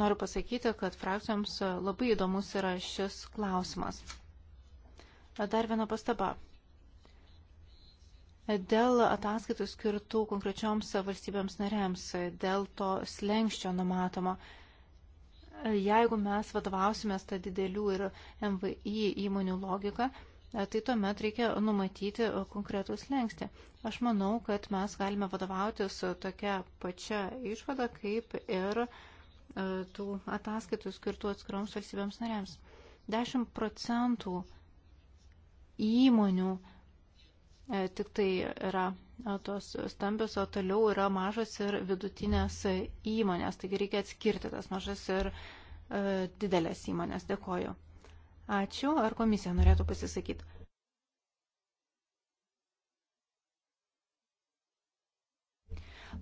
noriu pasakyti, kad frakcijoms e, labai įdomus yra šis klausimas. E, dar viena pastaba. Dėl ataskaitų skirtų konkrečioms valstybėms narėms, dėl to slengščio numatomo, jeigu mes vadovausimės tą didelių ir MVI įmonių logiką, tai tuomet reikia numatyti e, konkretus lengsti. Aš manau, kad mes galime vadovautis e, tokia pačia išvada, kaip ir e, tų ataskaitų skirtų atskiroms valstybėms narėms. 10 procentų įmonių tik tai yra tos stambios, o toliau yra mažas ir vidutinės įmonės. Taigi reikia atskirti tas mažas ir didelės įmonės. Dėkoju. Ačiū. Ar komisija norėtų pasisakyti?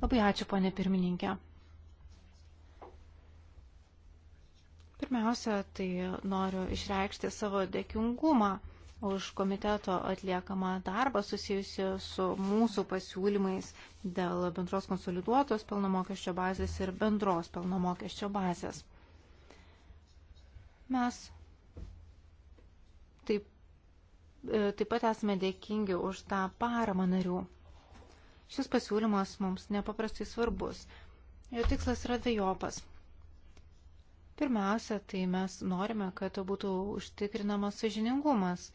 Labai ačiū, ponė pirmininkė. Pirmiausia, tai noriu išreikšti savo dėkingumą už komiteto atliekamą darbą susijusi su mūsų pasiūlymais dėl bendros konsoliduotos pelno mokesčio bazės ir bendros pelno mokesčio bazės. Mes E, taip pat esame dėkingi už tą paramą narių. Šis pasiūlymas mums nepaprastai svarbus. Jo tikslas yra dviejopas. Pirmiausia, tai mes norime, kad būtų užtikrinamas sažiningumas,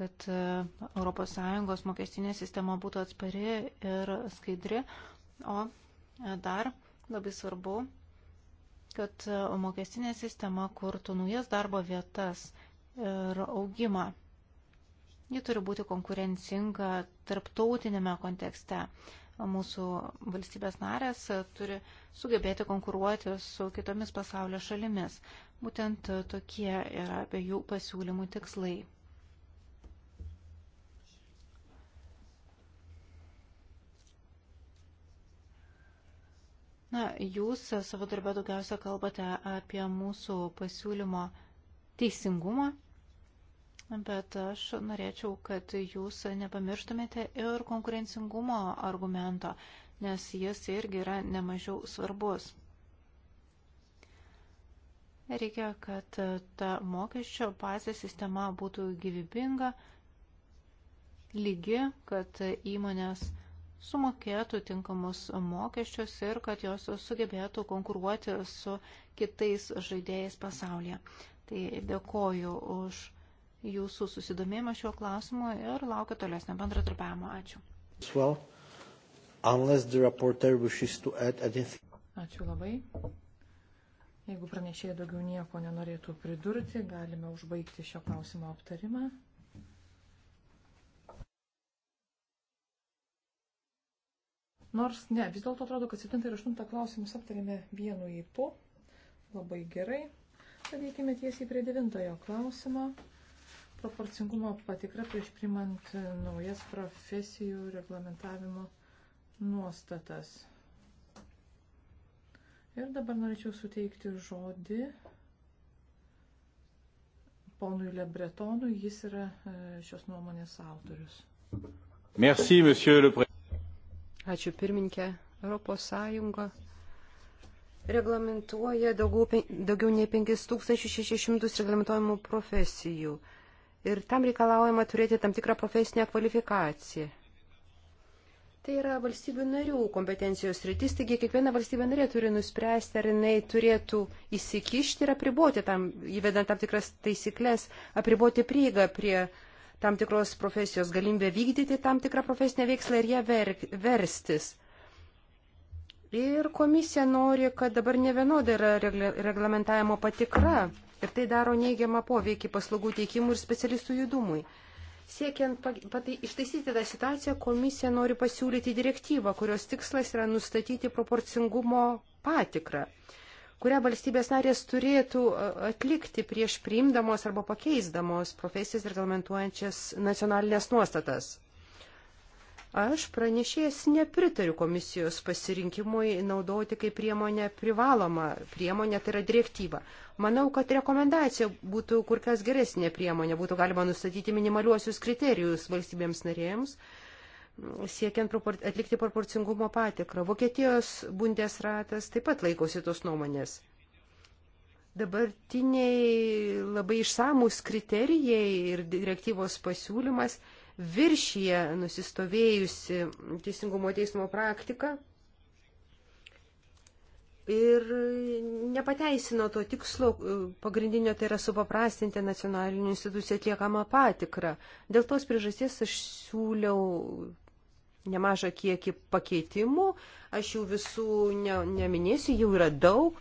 kad ES mokestinė sistema būtų atspari ir skaidri, o e, dar labai svarbu, kad e, mokestinė sistema kurtų naujas darbo vietas ir augimą. Ji turi būti konkurencinga tarptautinėme kontekste. Mūsų valstybės narės turi sugebėti konkuruoti su kitomis pasaulio šalimis. Būtent tokie yra abiejų pasiūlymų tikslai. Na, jūs savo darbę daugiausia kalbate apie mūsų pasiūlymo teisingumą bet aš norėčiau, kad jūs nepamirštumėte ir konkurencingumo argumento, nes jis irgi yra nemažiau svarbus. Reikia, kad ta mokesčio bazė sistema būtų gyvybinga, lygi, kad įmonės sumokėtų tinkamus mokesčius ir kad jos sugebėtų konkuruoti su kitais žaidėjais pasaulyje. Tai dėkoju už jūsų susidomėjimą šiuo klausimu ir laukia tolesnio bendratarpiavimo. Ačiū. Well, Ačiū labai. Jeigu pranešėjai daugiau nieko nenorėtų pridurti, galime užbaigti šio klausimo aptarimą. Nors ne, vis dėlto atrodo, kad 7 ir 8 klausimus aptarėme vienu įpu. Labai gerai. Pradėkime tiesiai prie 9 klausimo proporcingumo patikra prieš primant naujas profesijų reglamentavimo nuostatas. Ir dabar norėčiau suteikti žodį ponui Lebretonui, jis yra e, šios nuomonės autorius. Merci, monsieur le président. Ačiū pirmininkė. Europos Sąjunga reglamentuoja daugiau, daugiau nei 5600 reglamentojimų profesijų ir tam reikalaujama turėti tam tikrą profesinę kvalifikaciją. Tai yra valstybių narių kompetencijos rytis, taigi kiekviena valstybė narė turi nuspręsti, ar jinai turėtų įsikišti ir apriboti tam, įvedant tam tikras taisyklės, apriboti prieigą prie tam tikros profesijos, galimybę vykdyti tam tikrą profesinę veikslą ir ją ver, verstis. Ir komisija nori, kad dabar ne vienoda yra reglamentavimo patikra ir tai daro neigiamą poveikį paslaugų teikimui ir specialistų judumui. Siekiant patai, ištaisyti tą situaciją, komisija nori pasiūlyti direktyvą, kurios tikslas yra nustatyti proporcingumo patikrą, kurią valstybės narės turėtų atlikti prieš priimdamos arba pakeisdamos profesijas reglamentuojančias nacionalinės nuostatas. Aš pranešėjas nepritariu komisijos pasirinkimui naudoti kaip priemonę privalomą priemonę, tai yra direktyva. Manau, kad rekomendacija būtų kur kas geresnė priemonė, būtų galima nustatyti minimaliuosius kriterijus valstybėms narėjams, siekiant atlikti proporcingumo patikrą. Vokietijos bundesratas taip pat laikosi tos nuomonės. Dabartiniai labai išsamūs kriterijai ir direktyvos pasiūlymas viršyje nusistovėjusi teisingumo teismo praktika ir nepateisino to tikslo pagrindinio, tai yra supaprastinti nacionalinių institucijų atliekamą patikrą. Dėl tos priežasties aš siūliau nemažą kiekį pakeitimų, aš jų visų ne, neminėsiu, jų yra daug.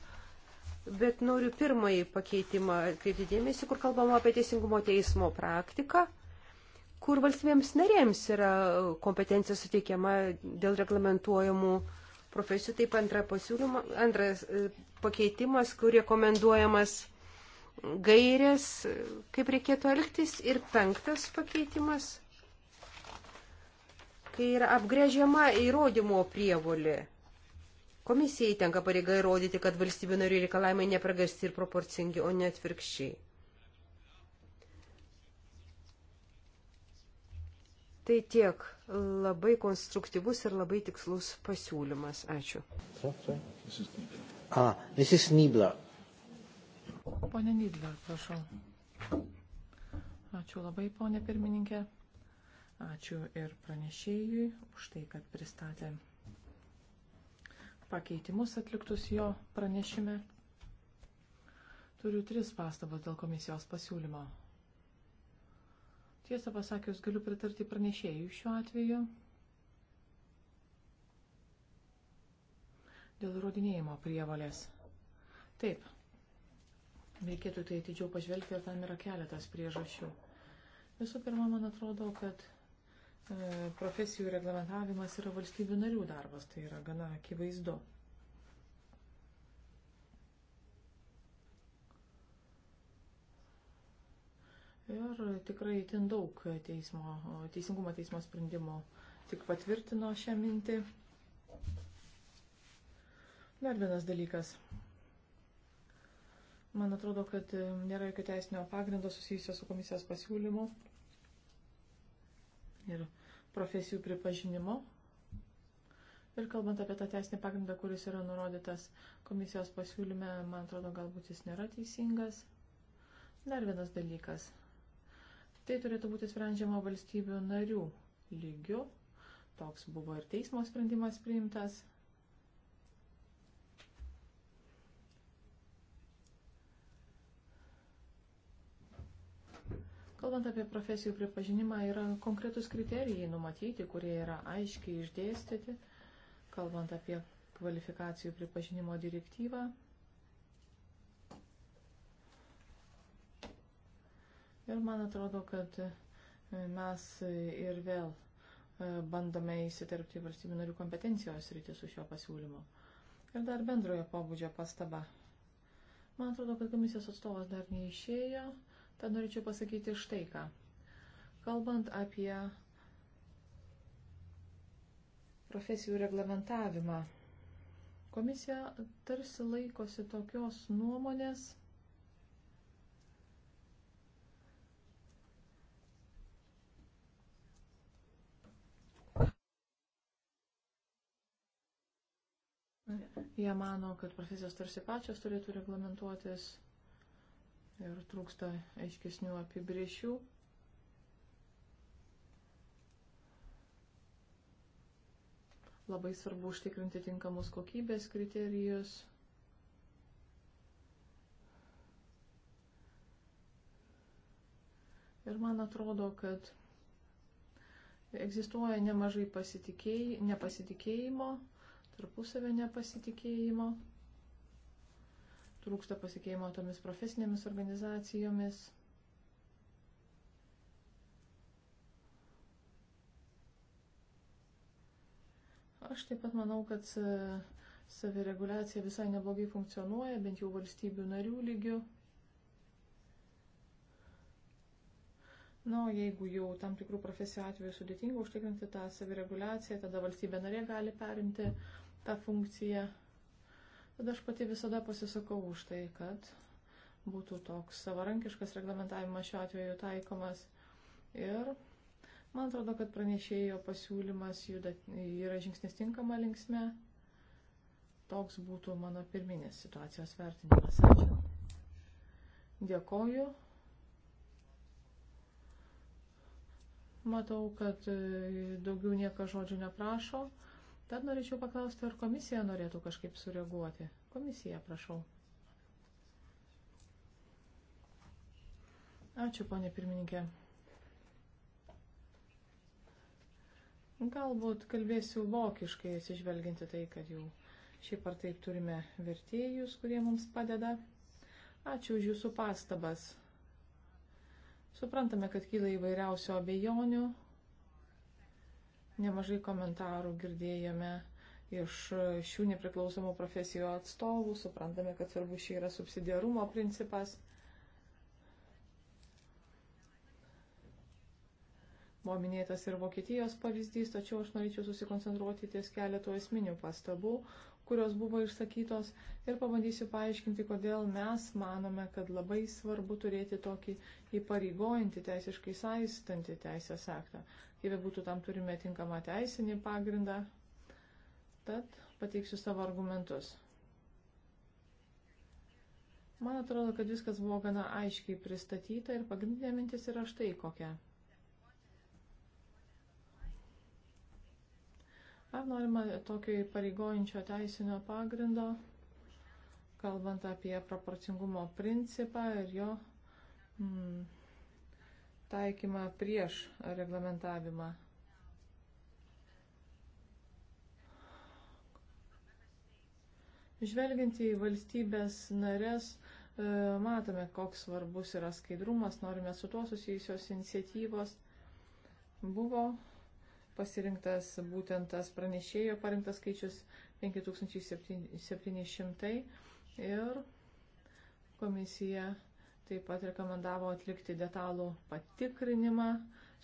Bet noriu pirmąjį pakeitimą atkreipti dėmesį, kur kalbama apie teisingumo teismo praktiką kur valstybėms narėms yra kompetencija suteikiama dėl reglamentuojamų profesijų. Taip antra pasiūlyma, antras e, pakeitimas, kur rekomenduojamas gairės, kaip reikėtų elgtis. Ir penktas pakeitimas, kai yra apgrėžiama įrodymo prievolė. Komisijai tenka pareiga įrodyti, kad valstybių narių reikalavimai nepragasti ir proporcingi, o ne atvirkščiai. Tai tiek labai konstruktyvus ir labai tikslus pasiūlymas. Ačiū. A, Mrs. Nibler. Pone Nibler, prašau. Ačiū labai, ponė pirmininkė. Ačiū ir pranešėjui už tai, kad pristatė pakeitimus atliktus jo pranešime. Turiu tris pastabas dėl komisijos pasiūlymo. Tiesą pasakius, galiu pritarti pranešėjų šiuo atveju. Dėl įrodinėjimo prievalės. Taip. Reikėtų tai atidžiau pažvelgti ir tam yra keletas priežasčių. Visų pirma, man atrodo, kad e, profesijų reglamentavimas yra valstybių narių darbas, tai yra gana akivaizdu. Ir tikrai itin daug teismo, teisingumo teismo sprendimų tik patvirtino šią mintį. Dar vienas dalykas. Man atrodo, kad nėra jokio teisinio pagrindo susijusio su komisijos pasiūlymu ir profesijų pripažinimu. Ir kalbant apie tą teisinį pagrindą, kuris yra nurodytas komisijos pasiūlyme, man atrodo, galbūt jis nėra teisingas. Dar vienas dalykas. Tai turėtų būti sprendžiama valstybių narių lygių. Toks buvo ir teismo sprendimas priimtas. Kalbant apie profesijų pripažinimą, yra konkretus kriterijai numatyti, kurie yra aiškiai išdėstyti, kalbant apie kvalifikacijų pripažinimo direktyvą. Ir man atrodo, kad e, mes ir vėl e, bandome įsiterpti į valstybių narių kompetencijos rytį su šiuo pasiūlymu. Ir dar bendrojo pobūdžio pastaba. Man atrodo, kad komisijos atstovas dar neišėjo, tad norėčiau pasakyti štai ką. Kalbant apie profesijų reglamentavimą, komisija tarsi laikosi tokios nuomonės, Jie mano, kad profesijos tarsi pačios turėtų reglamentuotis ir trūksta aiškesnių apibriešių. Labai svarbu užtikrinti tinkamus kokybės kriterijus. Ir man atrodo, kad egzistuoja nemažai nepasitikėjimo tarpusavio nepasitikėjimo, trūksta pasikeimo tomis profesinėmis organizacijomis. Aš taip pat manau, kad e, savireguliacija visai neblogai funkcionuoja, bent jau valstybių narių lygių. Na, o jeigu jau tam tikrų profesijų atveju sudėtinga užtikrinti tą savireguliaciją, tada valstybė narė gali perimti tą funkciją. Tada aš pati visada pasisakau už tai, kad būtų toks savarankiškas reglamentavimas šiuo atveju taikomas. Ir man atrodo, kad pranešėjo pasiūlymas juda, yra žingsnis tinkama linksme. Toks būtų mano pirminis situacijos vertinimas. Ačiū. Dėkoju. Matau, kad e, daugiau niekas žodžių neprašo. Tad norėčiau paklausti, ar komisija norėtų kažkaip sureaguoti. Komisija, prašau. Ačiū, ponė pirmininkė. Galbūt kalbėsiu vokiškai, atsižvelginti tai, kad jau šiaip ar taip turime vertėjus, kurie mums padeda. Ačiū už jūsų pastabas. Suprantame, kad kyla įvairiausio abejonių. Nemažai komentarų girdėjome iš šių nepriklausomų profesijų atstovų. Suprantame, kad svarbu šį yra subsidiarumo principas. Buvo minėtas ir Vokietijos pavyzdys, tačiau aš norėčiau susikoncentruoti ties keletų esminių pastabų, kurios buvo išsakytos ir pabandysiu paaiškinti, kodėl mes manome, kad labai svarbu turėti tokį įpareigojantį teisiškai saistantį teisės aktą. Kaip būtų, tam turime tinkamą teisinį pagrindą. Tad pateiksiu savo argumentus. Man atrodo, kad viskas buvo gana aiškiai pristatyta ir pagrindinė mintis yra štai kokia. Ar norima tokio įpareigojančio teisinio pagrindo, kalbant apie proporcingumo principą ir jo mm, taikymą prieš reglamentavimą? Žvelgiant į valstybės narės, e, matome, koks svarbus yra skaidrumas, norime su tuo susijusios iniciatyvos. Buvo pasirinktas būtent tas pranešėjo parinktas skaičius 5700 ir komisija taip pat rekomendavo atlikti detalų patikrinimą,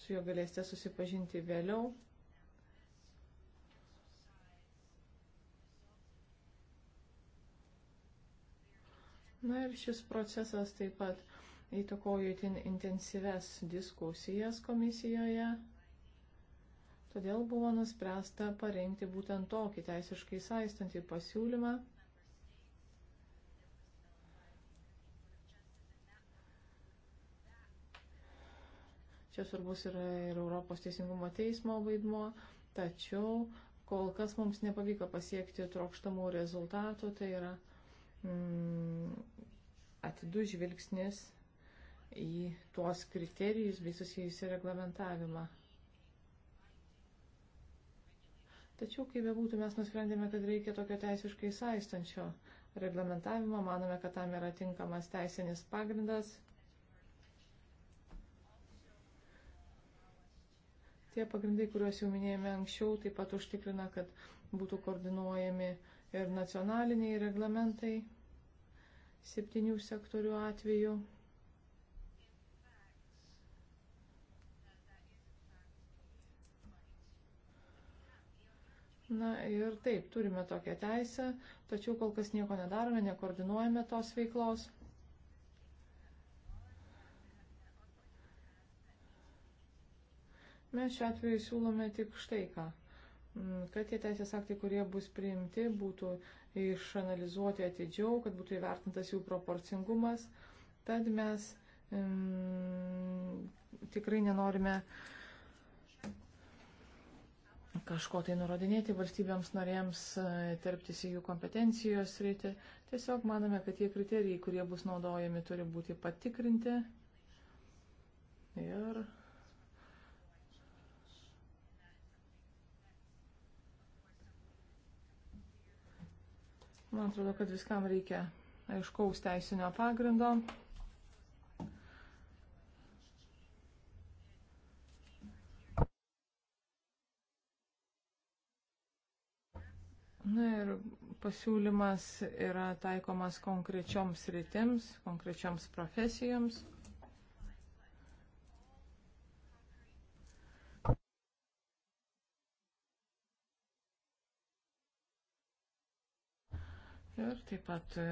su juo galėsite susipažinti vėliau. Na ir šis procesas taip pat įtakojo itin intensyves diskusijas komisijoje. Todėl buvo nuspręsta parengti būtent tokį teisiškai saistantį pasiūlymą. Čia svarbus yra ir Europos teisingumo teismo vaidmuo, tačiau kol kas mums nepavyko pasiekti trokštamų rezultatų, tai yra mm, atidus žvilgsnis į tuos kriterijus bei susijusi reglamentavimą. Tačiau, kaip bebūtų, mes nusprendėme, kad reikia tokio teisiškai saistančio reglamentavimo, manome, kad tam yra tinkamas teisinis pagrindas. Tie pagrindai, kuriuos jau minėjome anksčiau, taip pat užtikrina, kad būtų koordinuojami ir nacionaliniai reglamentai septynių sektorių atveju. Na ir taip, turime tokią teisę, tačiau kol kas nieko nedarome, nekoordinuojame tos veiklos. Mes šiuo atveju siūlome tik štai ką mm, kad tie teisės aktai, kurie bus priimti, būtų išanalizuoti atidžiau, kad būtų įvertintas jų proporcingumas. Tad mes mm, tikrai nenorime uh, kažko tai nurodinėti valstybėms norėms, e, tarptis į jų kompetencijos rytį. Tiesiog manome, kad tie kriterijai, kurie bus naudojami, turi būti patikrinti. Ir man atrodo, kad viskam reikia aiškaus teisinio pagrindo. Na nu ir pasiūlymas yra taikomas konkrečioms rytims, konkrečioms profesijoms. Ir taip pat e,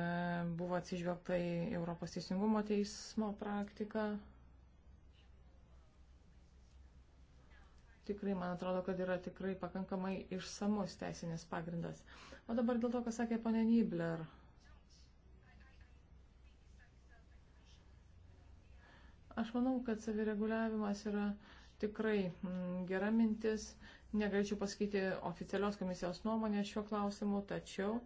buvo atsižvelgta į Europos teisingumo teismo praktiką. tikrai, man atrodo, kad yra tikrai pakankamai išsamus teisinis pagrindas. O dabar dėl to, ką sakė ponė Nibler. Aš manau, kad savireguliavimas yra tikrai mm, gera mintis. Negalėčiau pasakyti oficialios komisijos nuomonę šiuo klausimu, tačiau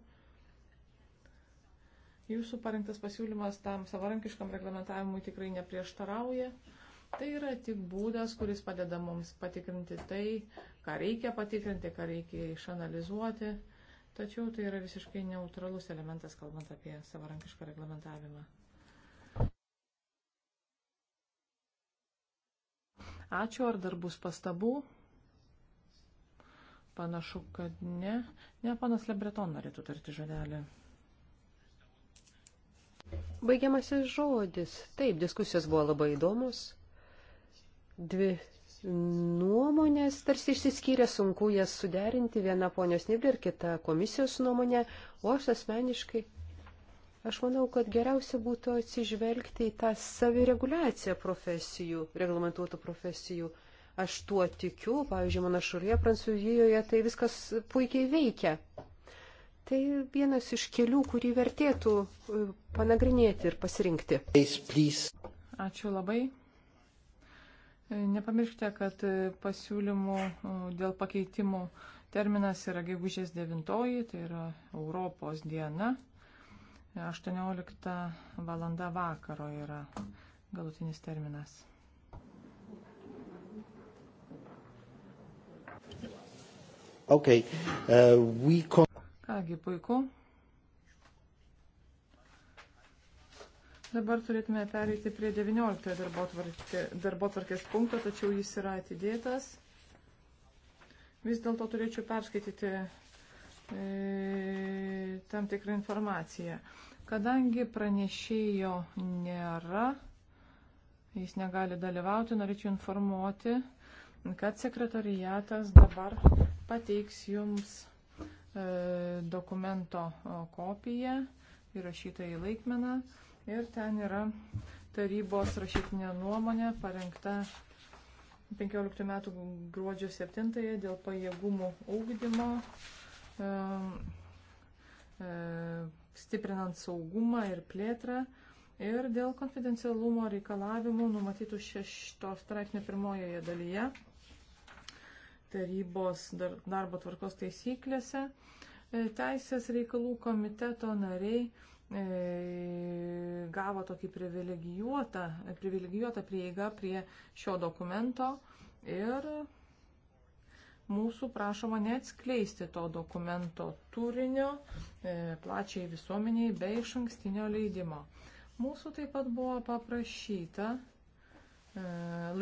jūsų parinktas pasiūlymas tam savarankiškam reglamentavimui tikrai neprieštarauja. Tai yra tik būdas, kuris padeda mums patikrinti tai, ką reikia patikrinti, ką reikia išanalizuoti. Tačiau tai yra visiškai neutralus elementas, kalbant apie savarankišką reglamentavimą. Ačiū, ar dar bus pastabų? Panašu, kad ne. Ne, panas Lebreton norėtų tarti žodelį. Baigiamasis žodis. Taip, diskusijos buvo labai įdomus dvi nuomonės tarsi išsiskyrė, sunku jas suderinti, viena ponios Nibler, kita komisijos nuomonė, o aš asmeniškai, aš manau, kad geriausia būtų atsižvelgti į tą savireguliaciją profesijų, reglamentuotų profesijų. Aš tuo tikiu, pavyzdžiui, mano šalyje, Prancūzijoje, tai viskas puikiai veikia. Tai vienas iš kelių, kurį vertėtų e, panagrinėti ir pasirinkti. Ačiū labai. Nepamirškite, kad e, pasiūlymų e, dėl pakeitimų terminas yra gegužės 9, tai yra Europos diena. 18 valanda vakaro yra galutinis terminas. Okay. Uh, we... Kągi puiku. Dabar turėtume pereiti prie 19 darbo, tvarkė, darbo tvarkės punkto, tačiau jis yra atidėtas. Vis dėlto turėčiau perskaityti e, tam tikrą informaciją. Kadangi pranešėjo nėra, jis negali dalyvauti, norėčiau informuoti, kad sekretariatas dabar pateiks jums e, dokumento kopiją įrašytą į laikmeną. E, Ir ten yra tarybos rašytinė nuomonė parengta 15 metų gruodžio 7 dėl pajėgumų ūkdymo, e, e, stiprinant saugumą ir plėtrą ir dėl konfidencialumo reikalavimų numatytų 6 straipsnio pirmojoje dalyje tarybos dar, darbo tvarkos taisyklėse. E, Teisės reikalų komiteto nariai E, gavo tokį privilegijuotą, privilegijuotą prieigą prie šio dokumento ir mūsų prašoma neatskleisti to dokumento turinio e, plačiai visuomeniai be iš ankstinio leidimo. Mūsų taip pat buvo paprašyta e,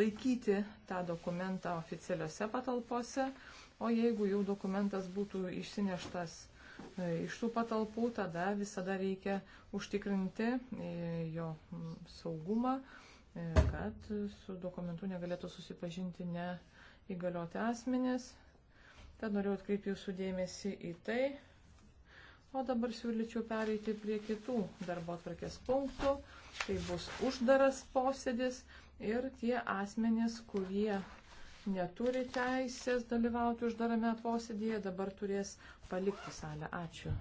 laikyti tą dokumentą oficialiuose patalpose, o jeigu jau dokumentas būtų išsineštas E, iš tų patalpų, tada visada reikia užtikrinti e, jo saugumą, e, kad su dokumentu negalėtų susipažinti neįgalioti asmenės. Tad noriu atkreipti jūsų dėmesį į tai. O dabar siūlyčiau pereiti prie kitų darbo atvarkės punktų. Tai bus uždaras posėdis ir tie asmenys, kurie neturi teisės dalyvauti uždarame posėdėje, dabar turės palikti salę. Ačiū.